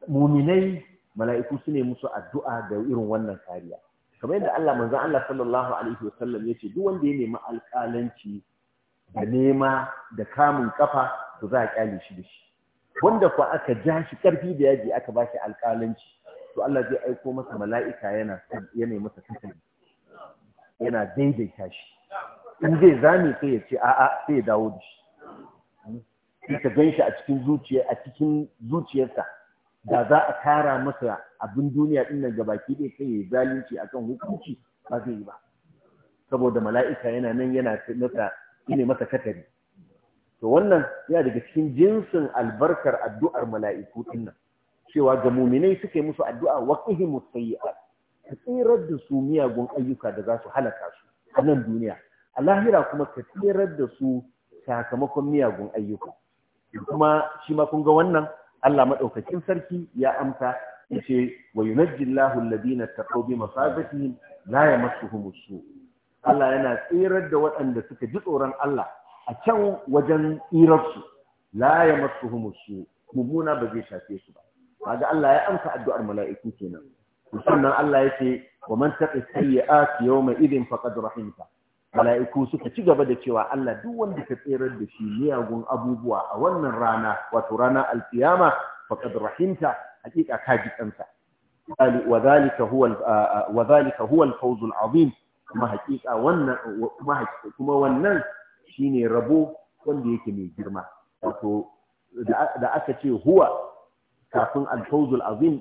Speaker 1: muminai mala'iku su ne musu addu'a da irin wannan kariya kamar yadda Allah manzan Allah sallallahu alaihi wasallam ce duk wanda ya nemi alƙalanci da nema da kamun kafa to za a kyale shi da shi wanda kuwa aka ja shi karfi da yaji aka ba shi alƙalanci to Allah zai aiko masa mala'ika yana yana masa kasance yana daidaita shi in zai zame sai ya ce a'a sai ya dawo da shi sai ka gan shi a cikin zuciya zuciyarsa da za a tara masa abin duniya din nan gabaki ɗaya sai ya zalunci akan hukunci ba zai yi ba saboda mala'ika yana nan yana masa ne masa katari to wannan yana daga cikin jinsin albarkar addu'ar mala'iku din nan cewa ga muminai suka yi musu addu'a waqihimus sayyi'at ka tsirar da su miyagun ayyuka da za su halaka su a nan duniya a lahira kuma ka tsirar da su sakamakon miyagun ayyuka kuma shi ma kun ga wannan Allah maɗaukacin sarki ya amsa ya ce wa na alladhina taqaw bi masabatihim la masu su Allah yana tsirar da waɗanda suka ji tsoron Allah a can wajen tsirarsu la masu su mummuna ba zai shafe su ba kaga Allah ya amsa addu'ar mala'iku kenan sannan Allah ya ce wa man taqi sayyi'ati yawma idhin faqad rahimta mala'iku suka ci gaba da cewa Allah duk wanda ka tserar da shi miyagun abubuwa a wannan rana wato rana alkiyama faqad rahimta hakika ka ji kansa wa zalika huwa wa zalika huwa al-fawz al kuma hakika wannan kuma kuma wannan shine rabo wanda yake mai girma wato da aka ce huwa kafin al-fawz al din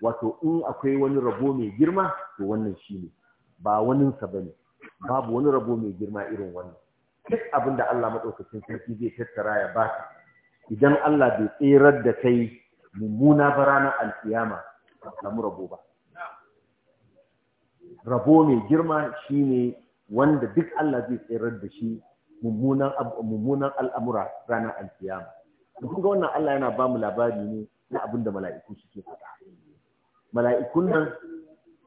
Speaker 1: wato in akwai wani rabo mai girma to wannan shi ne ba waninsa ba ne babu wani rabo mai girma irin wannan duk abin da Allah maɗaukacin sarki zai tattara ya ba ka idan Allah bai tserar da kai mummuna ba ranar alkiyama ba samu rabo ba rabo mai girma shi ne wanda duk Allah zai tserar da shi mummunan al'amura ranar alkiyama. Kun ga wannan Allah yana ba mu labari ne na abinda da mala'iku suke faɗa. mala'ikun nan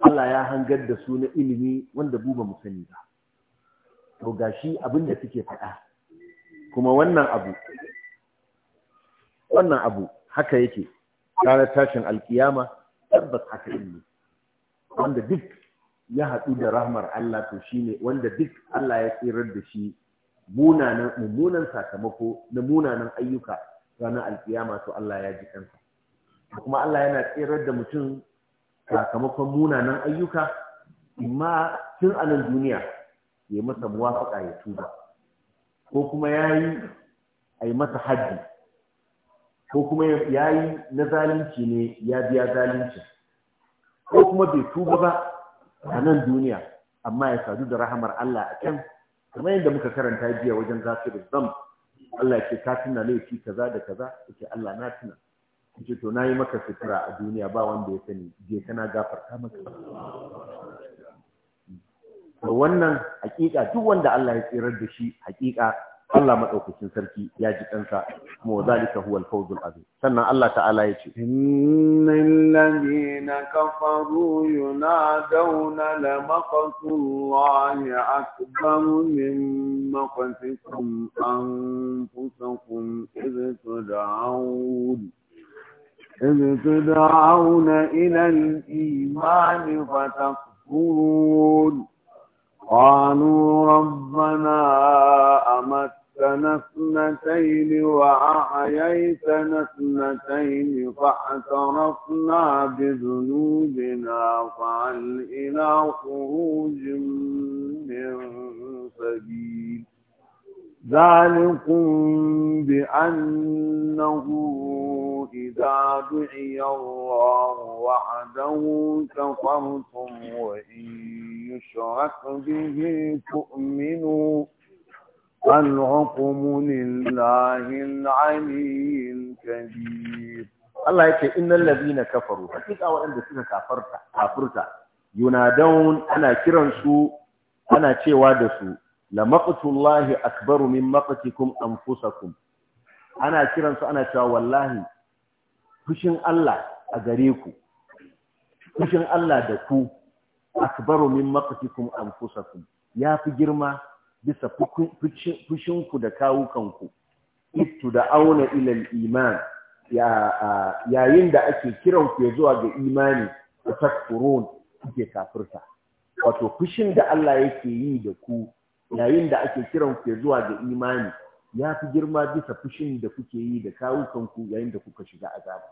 Speaker 1: Allah ya hangar da su na ilimi wanda buba mu sani ba to gashi abin da suke faɗa kuma wannan abu wannan abu haka yake ranar tashin alkiyama tabbas haka ilimi wanda duk ya haɗu da rahmar Allah to shi ne wanda duk Allah ya tsirar da shi munanan mummunan sakamako na munanan ayyuka ranar alkiyama to Allah ya ji kansa kuma Allah yana tsirar da mutum sakamakon munanan ayyuka imma tun a nan duniya ya masa muwafaka ya tuba ko kuma ya yi a yi masa hajji, ko kuma ya yi na zalunci ne ya biya zalunci ko kuma bai tuba ba a nan duniya amma ya sadu da rahamar Allah a can kamar yadda muka karanta jiya wajen zafi da zam Allah ke ka tuna laifi kaza da kaza yake Allah na tuna yace to nayi maka sutura a duniya ba wanda ya sani je kana gafarta maka to wannan hakika duk wanda Allah ya tsirar da shi hakika Allah madaukakin sarki ya ji kansa kuma zalika huwa al-fawzul azim sannan Allah ta'ala Ya ce innal
Speaker 2: ladina kafaru yunadawna lamaqtullahi akbar min maqtikum anfusakum idh tad'un إذ تدعون إلى الإيمان فتكفرون قالوا ربنا أمتنا اثنتين وأحييتنا اثنتين فاعترفنا بذنوبنا فهل إلى خروج من سبيل ذلكم بأنه إذا دعي الله وحده كفرتم وإن يشرك به تؤمنوا الحكم
Speaker 1: لله العلي الكبير Allah ya ce in innal na kafaru hakika waɗanda suka kafarta kafurta yunadawun ana kiran ana cewa da su la maqtullahi akbaru min maqtikum anfusakum ana kiran su ana cewa wallahi fushin Allah a gare ku fushin Allah da ku akbaru min maqtikum anfusakum ya fi girma bisa fushin ku da kawukanku ittu da auna ilal iman yayin da ake kiran ku zuwa ga imani da takfurun kuke kafirta wato fushin da Allah yake yi da ku yayin da ake kiran ku zuwa ga imani ya fi girma bisa fushin da kuke yi da kawukanku yayin da kuka shiga azaba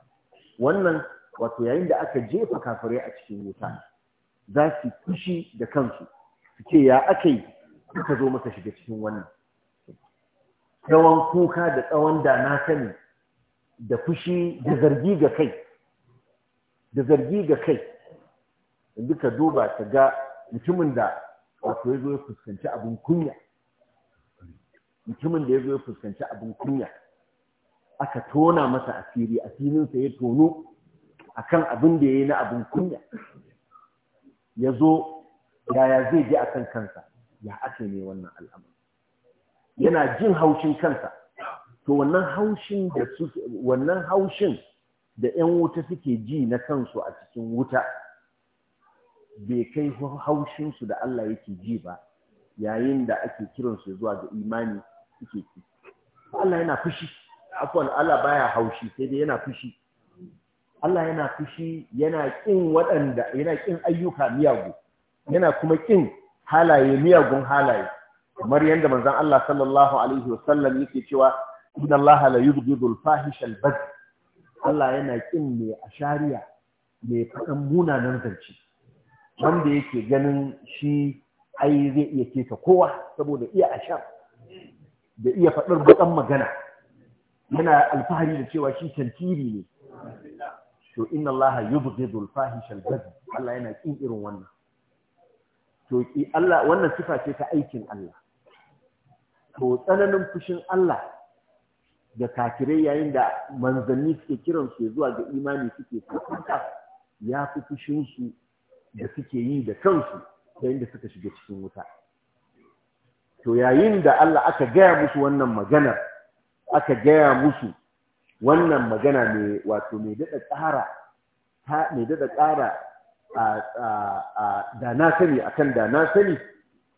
Speaker 1: wannan wato yayin da aka jefa kafirai a cikin wuta za su fushi da kansu su ce ya aka yi kuka zo maka shiga cikin wannan tsawon kuka da tsawon da na sani da fushi da zargi ga kai da zargi ga kai duka duba ka ga mutumin da wato ya zo ya fuskanci abin kunya mutumin da ya zo ya fuskanci abin kunya aka tona masa asiri asirinsa ya tono akan abin da ya yi na abin kunya ya zo yaya zai ji akan kansa ya ake ne wannan al'amari yana jin haushin kansa to wannan haushin da wannan haushin da 'yan wuta suke ji na kansu a cikin wuta bai kai haushinsu da Allah yake ji ba yayin da ake kiransu zuwa ga imani suke ci Allah yana fushi afwan Allah baya haushi sai dai yana fushi Allah yana fushi yana kin waɗanda yana kin ayyuka miyagu yana kuma kin halaye miyagun halaye kamar yadda manzon Allah sallallahu alaihi wasallam yake cewa inna Allah la yubghidu al-fahisha al Allah yana kin mai ashariya mai fadan munanan zance wanda yake ganin shi ai zai iya keta kowa saboda iya ashar da iya faɗar baƙan magana yana alfahari da cewa shi tantiri ne to inna Allah ya al dulfahi al Allah yana ƙin irin wannan to Allah wannan sifa ce ta aikin Allah to tsananin fushin Allah da kafirai yayin da manzanni suke kiran su zuwa ga imani suke fuskanta ya fi fushin su da suke yi da kansu yayin da suka shiga cikin wuta to yayin da Allah aka gaya musu wannan magana aka gaya musu wannan magana mai wato mai dada tsara ta mai a da na sani akan da na sani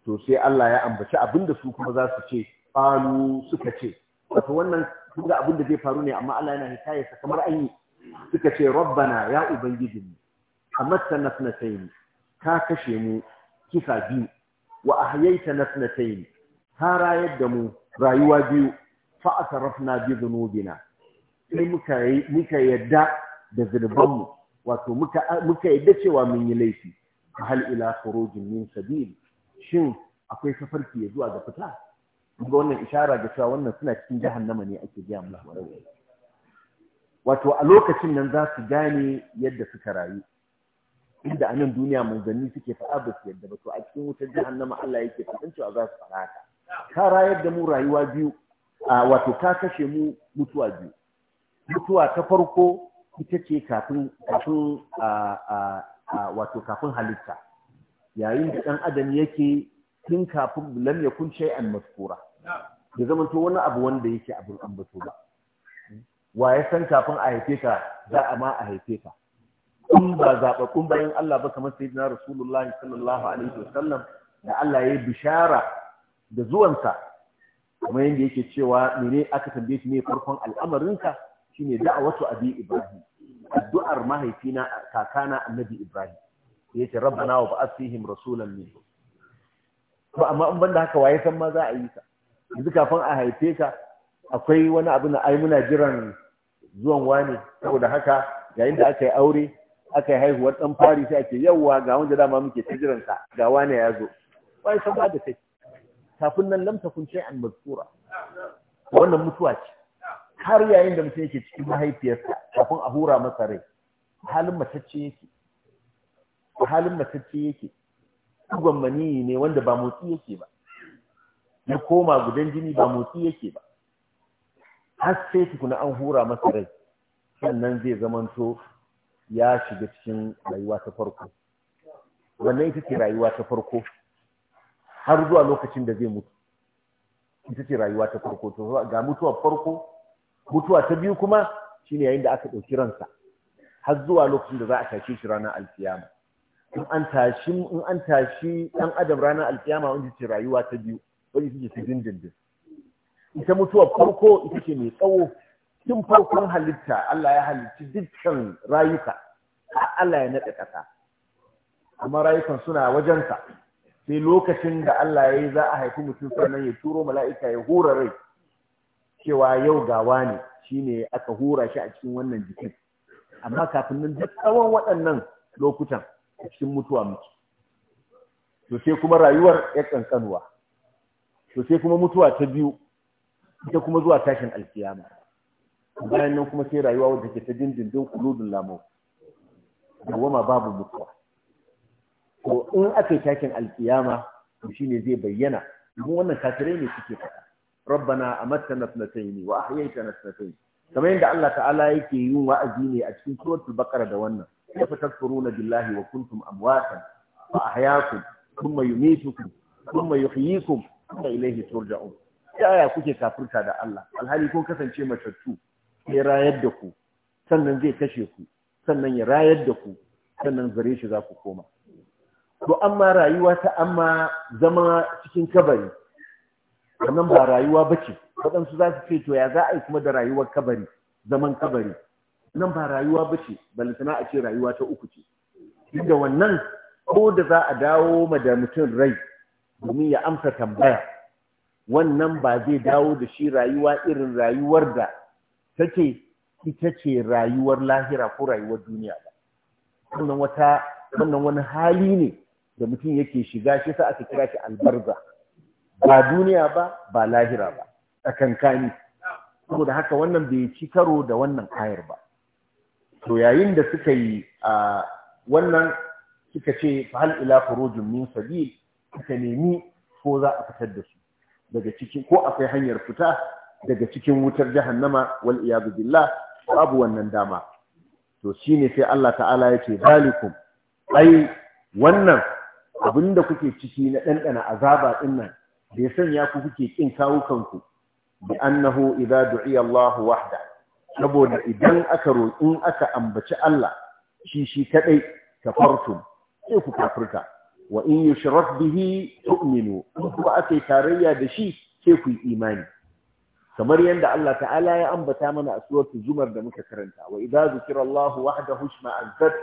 Speaker 1: to sai Allah ya ambaci abinda su kuma za su ce falu suka ce wato wannan kuma abin zai faru ne amma Allah yana sa kamar an yi suka ce rabbana ya ubangijinmu amatta nasnatayn ka kashe mu kisa biyu wa ahyaita nasnatayn ta rayar da mu rayuwa biyu fa asarafna bi dhunubina sai muka yadda da zunubanmu wato muka yadda cewa mun yi laifi hal ila khurujin min sabil shin akwai safarki ya zuwa ga fita ga wannan ishara ga cewa wannan suna cikin jahannama ne ake gaya musu wato a lokacin nan za su gane yadda suka rayu inda a nan duniya manzanni suke faɗa ba su yadda ba to a cikin wutar nama Allah yake faɗin cewa za su fara haka ka rayar da mu rayuwa biyu a wato ka kashe mu mutuwa biyu mutuwa ta farko ita ce kafin kafin a wato kafin halitta yayin da ɗan adam yake tun kafin lam yakun shay'an maskura Da zama to wani abu wanda yake abin ambato ba wa ya san kafin a haife ka za a ma a haife ka in ba kun bayan Allah ba kamar sayyidina Rasulullahi sallallahu alaihi wasallam da Allah ya yi bishara da zuwansa kamar yadda yake cewa mene aka tambaye shi ne farkon al'amarinka shine da'awatu abi ibrahim addu'ar mahaifina kakana annabi ibrahim yace rabbana wa ba'ath fihim rasulan minhu to amma in banda haka waye san ma za a yi ka yanzu kafin a haife ka akwai wani abu na ai muna jiran zuwan wani saboda haka yayin da aka yi aure aka yi haihuwar dan fari sai ake yawwa ga wanda dama muke ta jiran ka ga wani ya zo wai san ba da kai kafin nan lamta kun ce an mazkura wannan mutuwa ce har yayin da mutum yake cikin mahaifiyarsa kafin a hura masa rai halin matacce yake halin matacce yake dugon maniyi ne wanda ba motsi yake ba ya koma gudan jini ba motsi yake ba har sai tukuna an hura masa rai sannan zai zamanto ya shiga cikin rayuwa ta farko wannan ita ce rayuwa ta farko har zuwa lokacin da zai mutu ita ce rayuwa ta farko to ga mutuwa farko mutuwa ta biyu kuma shine yayin da aka ɗauki ransa har zuwa lokacin da za a tashe shi ranar alkiyama in an tashi in dan adam ranar alkiyama wanda ce rayuwa ta biyu wanda ce ta dindindin ita mutuwa farko ita ce mai tsawo tun farkon halitta Allah ya halicci dukkan rayuka Allah ya naɗa ƙasa amma rayukan suna wajensa sai lokacin da Allah ya yi za a haifi mutum sannan ya turo mala'ika ya hura rai cewa yau gawa ne shi ne aka hura shi a cikin wannan jikin amma kafin nan duk tsawon waɗannan lokutan a cikin mutuwa muke to sai kuma rayuwar ya kankanuwa to sai kuma mutuwa ta biyu ita kuma zuwa tashin alkiyama bayan nan kuma sai rayuwa wadda ke ta dindindin kuludun da dawama babu mutuwa ko in aka yi takin alkiyama to shine zai bayyana domin wannan kafirai ne suke faɗa rabbana amattana ne, wa ahyaytana sanatayn kamar yadda Allah ta'ala yake yin wa'azi ne a cikin suratul baqara da wannan ya fa takfuruna billahi wa kuntum amwatan fa ahyaakum thumma yumitukum thumma yuhyikum thumma ilayhi turja'un yaya kuke kafirta da Allah alhali kun kasance matattu ya rayar da ku sannan zai kashe ku sannan ya rayar da ku sannan zare shi za ku koma to amma rayuwa ta amma zama cikin kabari wannan ba rayuwa ba ce waɗansu za su ce to ya za a yi kuma da rayuwar kabari zaman kabari nan ba rayuwa ba ce a ce rayuwa ta uku ce inda wannan ko da za a dawo ma da mutum rai domin ya amsa tambaya wannan ba zai dawo da shi rayuwa irin rayuwar da take ita ce rayuwar lahira ko rayuwar duniya ba wannan wata wannan wani hali ne da mutum yake shiga shi sa aka kira shi albarza ba duniya ba ba lahira ba tsakankani saboda haka wannan bai ci karo da wannan ayar ba to yayin da suka yi a wannan suka ce hal ila khurujun min sabil suka nemi ko za a fitar da su daga cikin ko akwai hanyar fita daga cikin wutar jahannama wal iyadu billah babu wannan dama to shine sai Allah ta'ala ya ce zalikum ai wannan abinda kuke ciki na ɗanɗana azaba ɗin nan da ya sanya ku kuke ƙin kawo kanku bi annahu idza du'iya Allah wahda saboda idan aka in aka ambaci Allah shi shi kadai kafartum sai ku kafirta wa in yushrak bihi tu'minu kuma ake tarayya da shi sai ku yi imani kamar yadda Allah ta'ala ya ambata mana a suratul zumar da muka karanta wa idza zikira Allah wahdahu ishma'azzat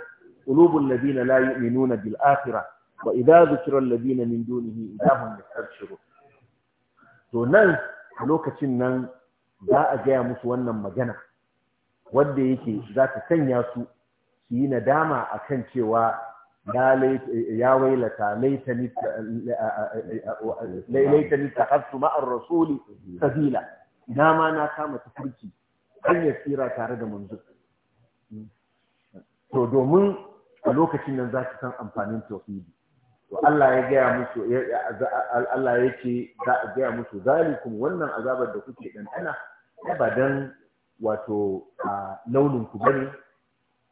Speaker 1: qulubul ladina la yu'minuna bil akhirah wa idza zikra alladina min dunihi idahum yastabshiru to nan lokacin nan za a gaya musu wannan magana wanda yake za ta sanya su su yi nadama kan cewa ya wailata laitani takattu ma'ar rasuli sabila na na kama tafirki hanyar tsira tare da manzo to domin a lokacin nan za ta san amfanin tofidi. to Allah ya gaya musu Allah ya ce za a gaya musu zalikum wannan azabar da kuke ɗanɗana ba dan wato launin ku bane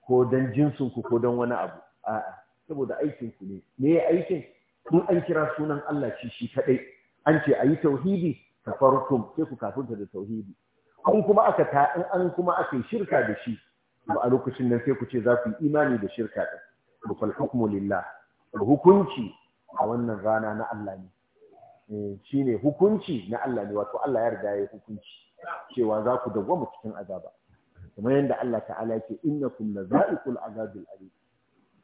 Speaker 1: ko dan jinsin ku ko dan wani abu a'a saboda aikin ku ne me ya aikin kun an kira sunan Allah shi shi kadai an ce ayi tauhidi kafartum sai ku ta da tauhidi kun kuma aka ta in an kuma aka yi shirka da shi a lokacin nan sai ku ce za ku yi imani da shirka din Bukal hukmu lillah hukunci a wannan rana na Allah ne eh, shi ne hukunci na Allah ne wato Allah ya riga ya hukunci cewa za ku dawwama cikin azaba kamar yadda Allah ta'ala yake innakum lazaiqul azabil alim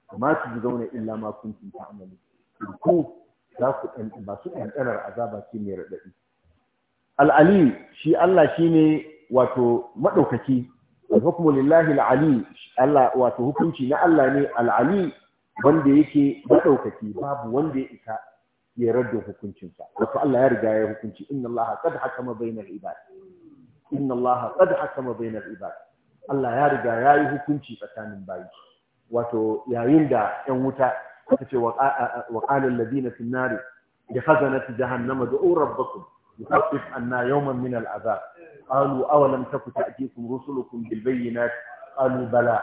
Speaker 1: kuma su ji zauna illa ma kuntum ta'malun ku za ku dan ba su ɗanɗanar azaba ce mai raɗaɗi al-ali shi Allah shine wato madaukaki al-hukmu lillahi al-ali Allah wato hukunci na Allah ne al-ali wanda yake maɗaukaki babu wanda ya isa ya radda hukuncinsa wato Allah ya riga ya hukunci inna Allah qad hakama bainal ibad inna Allah qad hakama bainal ibad Allah ya riga ya yi hukunci tsakanin bayi wato yayin da ƴan wuta suka ce wa qala alladhina fi an-nar li khazanati jahannama du'u rabbakum yuhaffif anna yawman min al-azab qalu awalam taku ta'tikum rusulukum bil bayyinati qalu bala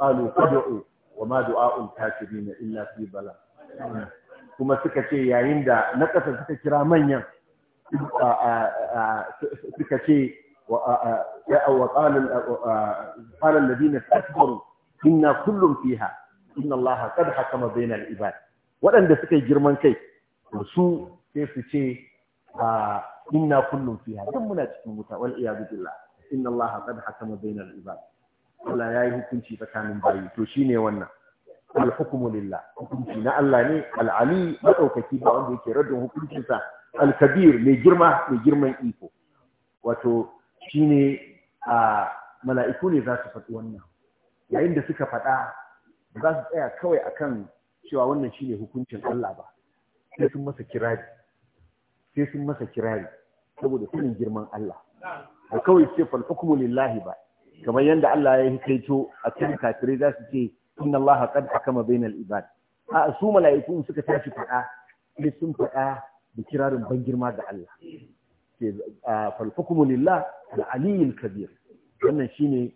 Speaker 1: qalu fad'u wa ma du'a'ul kafirin illa fi bala kuma suka ce yayin da na ƙasa suka kira manyan suka ce وقال الذين استكبروا إنا كل فيها إن الله قد حكم بين العباد waɗanda suka yi girman kai su sai su ce inna kullum fiha duk muna cikin wuta wal iyadu billah inna allaha qad hakama bainal ibad Allah ya yi hukunci tsakanin bayi to shi ne wannan al-hukmu lillah hukunci na Allah ne al matsaukaki ba wanda yake raddin hukuncinsa al-kabir mai girma mai girman iko wato shine a mala'iku ne za su faɗi wannan yayin da suka faɗa za su tsaya kawai akan cewa wannan shi ne hukuncin Allah ba sai sun masa kirari sai sun masa kirari saboda sunin girman Allah ba kawai sai fal lillahi ba kamar yadda Allah ya hikaito a cikin kafirai za su ce inna Allah qad hakama bainal ibad a su mala'iku suka tashi faɗa sai sun faɗa da kirarin ban girma ga Allah ce lillah da aliyul kabir wannan shine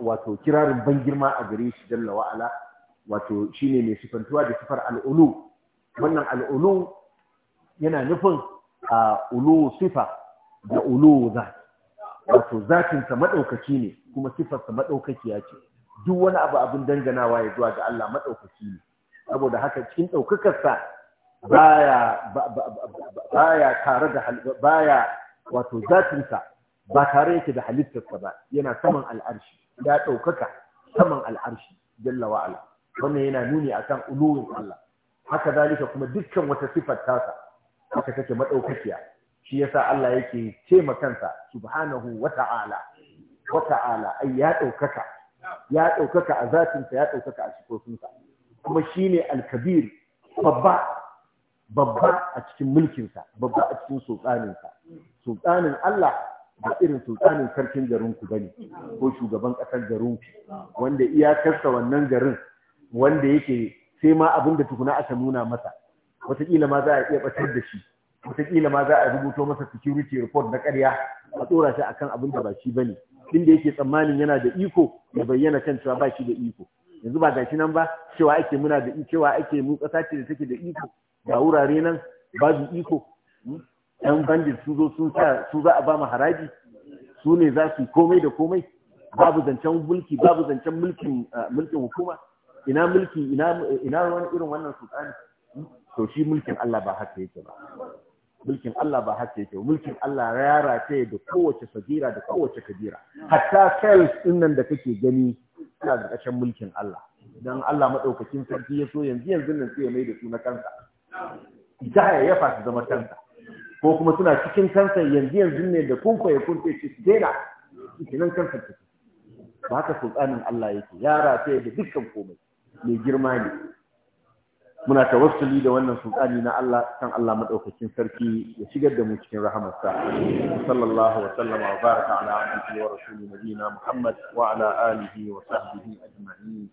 Speaker 1: wato kirarin ban girma a gare shi jalla wa ala wato shine mai sifantuwa da sifar al'ulu wannan al'ulu yana nufin a ulu sifa da ulu wato zatinsa maɗaukaki ne kuma sifarsa maɗaukakiya ce duk wani abu abin danganawa ya zuwa ga Allah maɗaukaki ne saboda haka cikin ɗaukakarsa baya baya tare da baya wato zatinsa ba tare yake da halittarsa ba yana saman al'arshi ya ɗaukaka saman al'arshi jalla wa'ala wannan yana nuni akan uluwin Allah haka zalika kuma dukkan wata sifar tasa haka take maɗaukakiya shi yasa Allah yake ce ma kansa subhanahu wa ta'ala wa ta'ala ai ya daukaka ya daukaka a zatinsa ya daukaka a sifofinsa kuma shine al-kabir babba babba a cikin mulkinsa babba a cikin sultaninsa sultanin Allah ba irin sultanin sarkin garinku bane ko shugaban kasar garinku wanda iyakarsa wannan garin wanda yake sai ma abin da tukuna aka nuna masa wataƙila ma za a iya batar da shi wataƙila ma za a rubuto masa security report na ƙarya a tsora shi akan abin da ba shi ba ne inda yake tsammanin yana da iko ya bayyana kan cewa ba shi da iko yanzu ba gashi nan ba cewa ake muna da cewa ake mu ƙasa ce da take da iko ga wurare nan babu iko ɗan bandit su zo sun sa su za a ba mu haraji su ne za su komai da komai babu zancen mulki babu zancen mulkin mulkin hukuma ina mulki ina ina wani irin wannan sultani to shi mulkin Allah ba haka yake ba mulkin Allah ba haka yake mulkin Allah rayara ce da kowace sagira da kowace kabira hatta cells din nan da kake gani suna da kashin mulkin Allah dan Allah madaukakin sarki ya so yanzu yanzu nan sai ya mai da suna kansa ita ya yafa su zama kansa ko kuma suna cikin kansa yanzu yanzu ne da kun ya kun ce su daina cikin nan kansa ba haka sultanin Allah yake yara ce da dukkan komai mai girma ne muna tawassuli da wannan sultani na Allah kan Allah madaukakin sarki ya shigar da mu cikin rahamarsa sallallahu wa sallama wa baraka ala abdihi wa
Speaker 3: rasuli nabiyina Muhammad wa ala alihi wa sahbihi ajma'in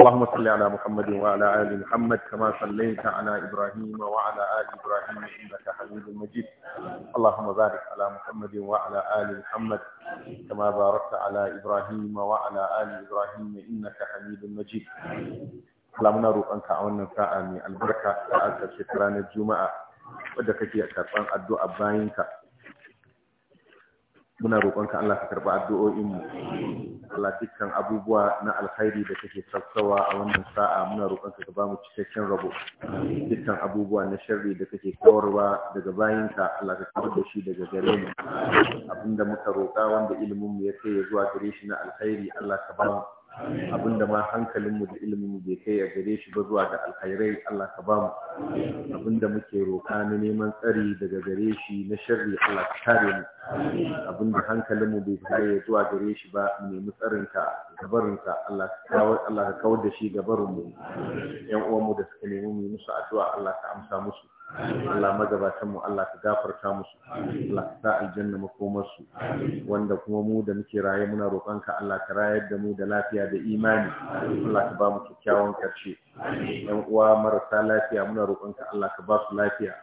Speaker 3: اللهم صل على محمد وعلى آل محمد كما صليت على إبراهيم وعلى آل إبراهيم إنك حميد مجيد اللهم بارك على محمد وعلى آل محمد كما باركت على إبراهيم وعلى آل إبراهيم إنك حميد مجيد Allah
Speaker 1: muna roƙonka a wannan sa'a mai albarka ta a ƙarshe ta ranar Juma'a wadda kake karɓar addu'a bayanka muna roƙonka Allah ka karɓi addu'o'inmu
Speaker 3: Allah dukkan abubuwa na alkhairi da kake sassawa a wannan sa'a muna
Speaker 1: roƙonka ka bamu cikakken rabo dukkan abubuwa na sharri da kake kawarwa daga bayinka Allah ka kawar da shi daga gare mu abinda muka roƙa wanda ilimin mu ya kai zuwa gare shi na alkhairi Allah ka bamu abinda ma hankalinmu da ilimin bai kai a gare shi ba zuwa ga alkhairai Allah ka ba mu da muke roƙa na neman tsari daga gare shi na sharri Allah ka kare mu da hankalinmu bai kai zuwa gare shi ba mu nemi tsarinka gabarinka Allah ka Allah ka kawar da shi gabarin mu yan
Speaker 3: uwanmu da suka nemi mu musu addu'a Allah ka amsa musu Allah magabatan mu Allah ka gafarta musu Allah ka sa aljanna makomar su wanda kuma mu da muke raye muna roƙonka Allah ka rayar da mu da lafiya da imani Allah ka ba mu kyakkyawan ƙarshe yan uwa marasa lafiya muna roƙonka Allah ka ba su lafiya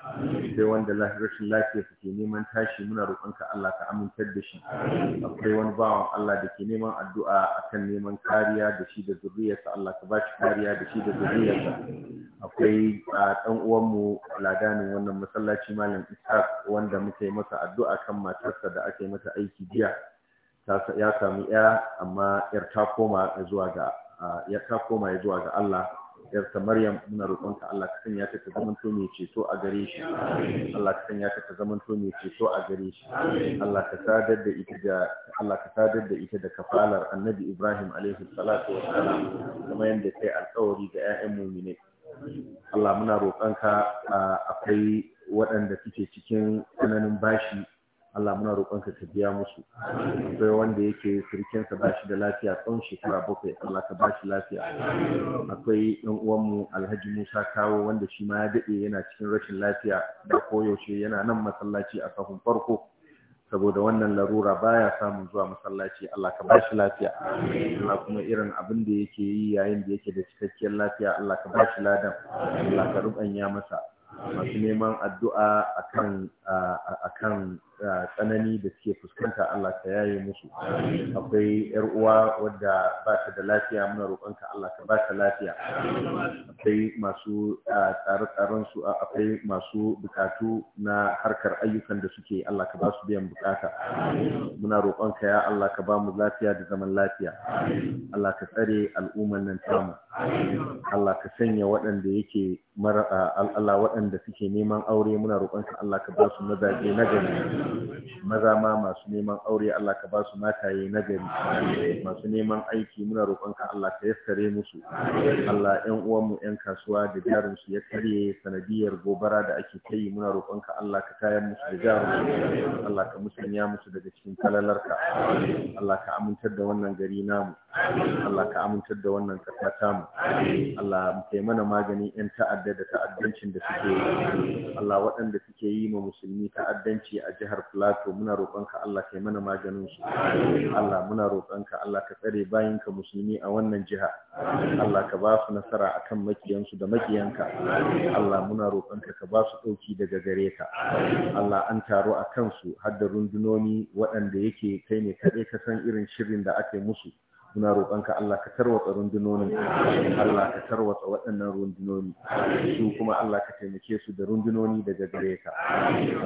Speaker 3: sai wanda rashin lafiya su neman tashi muna roƙonka Allah ka amintar da shi akwai wani bawan Allah
Speaker 1: da ke neman addu'a akan neman kariya da shi da zuriyarsa Allah ka ba shi kariya da shi da zuriyarsa akwai ɗan uwanmu ladanin wannan masallaci malam Ishaq wanda muka yi masa addu'a kan matarsa da aka yi mata aiki jiya ya samu ya amma yar ta koma ya zuwa ga Allah
Speaker 3: ta Maryam muna roƙonka Allah ka sanya ta ta to mai ceto a gare shi Allah ka sanya ta ta to mai ceto a gare shi Allah ka sadar da ita da Allah ka sadar da ita da kafalar Annabi Ibrahim alaihi salatu salam kuma yanda kai alƙawari ga ƴaƴan mu'mini Allah muna roƙonka akwai waɗanda suke
Speaker 1: cikin tsananin bashi Allah muna roƙonka ka biya musu akwai wanda yake sirkinsa sa bashi da lafiya tsawon shekara bakwai Allah ka bashi lafiya akwai ɗan uwanmu Alhaji Musa Kawo wanda shi ma ya daɗe yana cikin rashin lafiya da koyaushe yana nan masallaci a kafin farko saboda wannan larura baya samun zuwa masallaci Allah ka bashi lafiya Allah kuma irin abin da yake yi yayin da yake da cikakkiyar lafiya Allah ka bashi ladan Allah ka rubanya masa masu neman addu'a akan akan tsanani da suke fuskanta Allah ka yaye musu
Speaker 3: akwai yar uwa wadda ba ta da lafiya muna roƙonka Allah ka ba ta lafiya akwai masu tsare-tsaren su akwai masu bukatu na
Speaker 1: harkar ayyukan da suke Allah ka ba su biyan bukata muna roƙonka ya Allah ka ba mu lafiya da zaman lafiya Allah ka tsare al'umman nan tamu Allah
Speaker 3: ka sanya waɗanda yake Allah waɗanda waɗanda suke neman aure muna roƙonka Allah ka ba su mazaje na gari maza ma masu neman aure Allah ka ba su mataye na
Speaker 1: gari masu neman aiki muna roƙonka Allah ka yaskare musu Allah ƴan uwanmu ƴan kasuwa da jarin su ya karye sanadiyar gobara da ake kai muna roƙonka Allah ka
Speaker 3: tayar musu da jarin Allah ka musanya musu daga cikin kalalarka Allah ka amintar da wannan gari namu Allah ka amintar da wannan ƙasa tamu Allah kai mana maganin ƴan ta'adda da ta'addancin da suke Allah waɗanda suke yi ma musulmi ta'addanci a jihar Plateau muna roƙonka Allah kai mana maganin su Allah muna roƙonka Allah ka tsare bayinka musulmi a wannan jiha Allah ka ba su nasara akan
Speaker 1: makiyansu da makiyanka Allah muna roƙonka ka ba su ɗauki daga gare ka Allah an taro a kansu har da rundunoni waɗanda yake kai ne kaɗai ka san irin shirin da ake musu muna roƙonka Allah ka tarwatsa rundunonin Allah ka tarwatsa waɗannan rundunoni su kuma Allah ka taimake su da rundunoni daga gare ka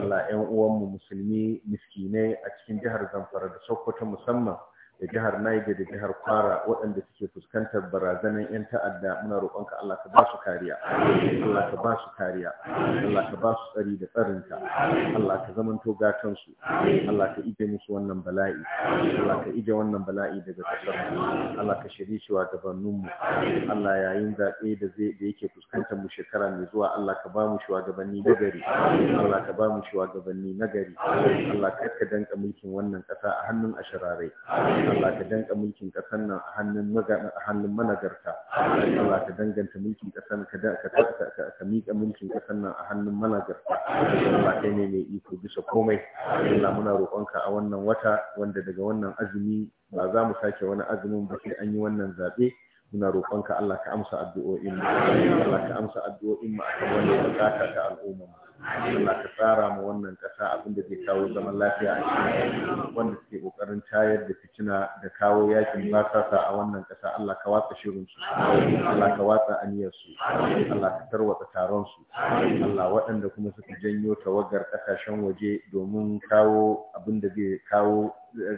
Speaker 1: Allah ƴan uwanmu musulmi miskinai a cikin jihar Zamfara da Sokoto musamman
Speaker 3: da jihar Niger da jihar Kwara waɗanda suke fuskantar barazanar 'yan ta'adda muna roƙonka Allah ka ba su kariya Allah ka ba su kariya Allah ka ba su tsari da tsarinka Allah ka zamanto gatan su Allah ka ije musu wannan bala'i Allah ka ije wannan bala'i daga kasar Allah ka shirye shi wa gabanin mu Allah yayin zaɓe da zai da yake fuskantar mu shekara mai zuwa Allah ka ba mu gabanni na gari Allah ka ba mu
Speaker 1: gabanni na gari Allah ka ka danka mulkin wannan ƙasa a hannun ashirarai Allah ka danka mulkin ƙasar nan a hannun a hannun managarta Allah ka danganta mulkin ƙasar ka ka ka mika mulkin ƙasar nan a hannun managarta Allah kai ne
Speaker 3: mai iko bisa komai Allah muna roƙonka a wannan wata wanda daga wannan azumi ba za mu sake wani azumin ba sai an yi wannan zabe muna roƙonka Allah ka amsa addu'o'in mu Allah ka amsa addu'o'in mu a kan wannan bukata ta al'umma Allah ka tsara mu wannan ƙasa abin da zai kawo zaman lafiya a cikin wanda suke ƙoƙarin tayar da fitina da kawo yakin basasa a wannan ƙasa Allah ka watsa shirin su Allah ka watsa aniyar su
Speaker 1: Allah ka tarwatsa taron su Allah waɗanda kuma suka janyo tawagar ƙasashen waje domin kawo abin da zai kawo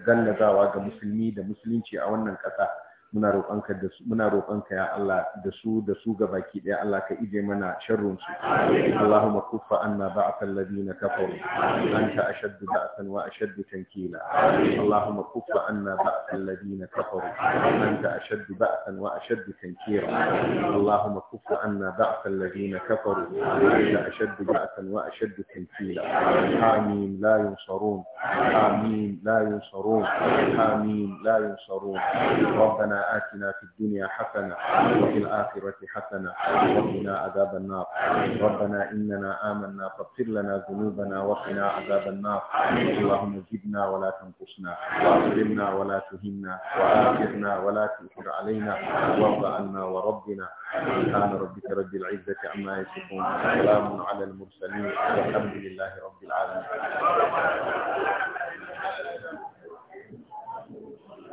Speaker 1: gallazawa ga musulmi da musulunci a wannan ƙasa muna roƙonka da muna roƙonka ya Allah da su da su ga
Speaker 3: baki ɗaya Allah ka ije mana sharrun su Allahumma kuffa anna ba'atal ladina kafaru anta ashaddu ba'san wa ashaddu tankila Allahumma kuffa anna ba'atal ladina kafaru anta ashaddu ba'san wa ashaddu tankila Allahumma kuffa anna ba'atal ladina kafaru anta ashaddu ba'san wa ashaddu tankila Amin لا ينصرون آمين لا ينصرون آمين لا ينصرون ربنا آتنا في الدنيا حسنة وفي الآخرة حسنة وقنا عذاب النار ربنا إننا آمنا فاغفر لنا ذنوبنا وقنا عذاب النار اللهم زدنا ولا تنقصنا واكرمنا ولا تهنا وآخرنا ولا تؤثر علينا وارض عنا وربنا سبحان ربك رب العزة عما يصفون سلام على المرسلين والحمد لله رب العالمين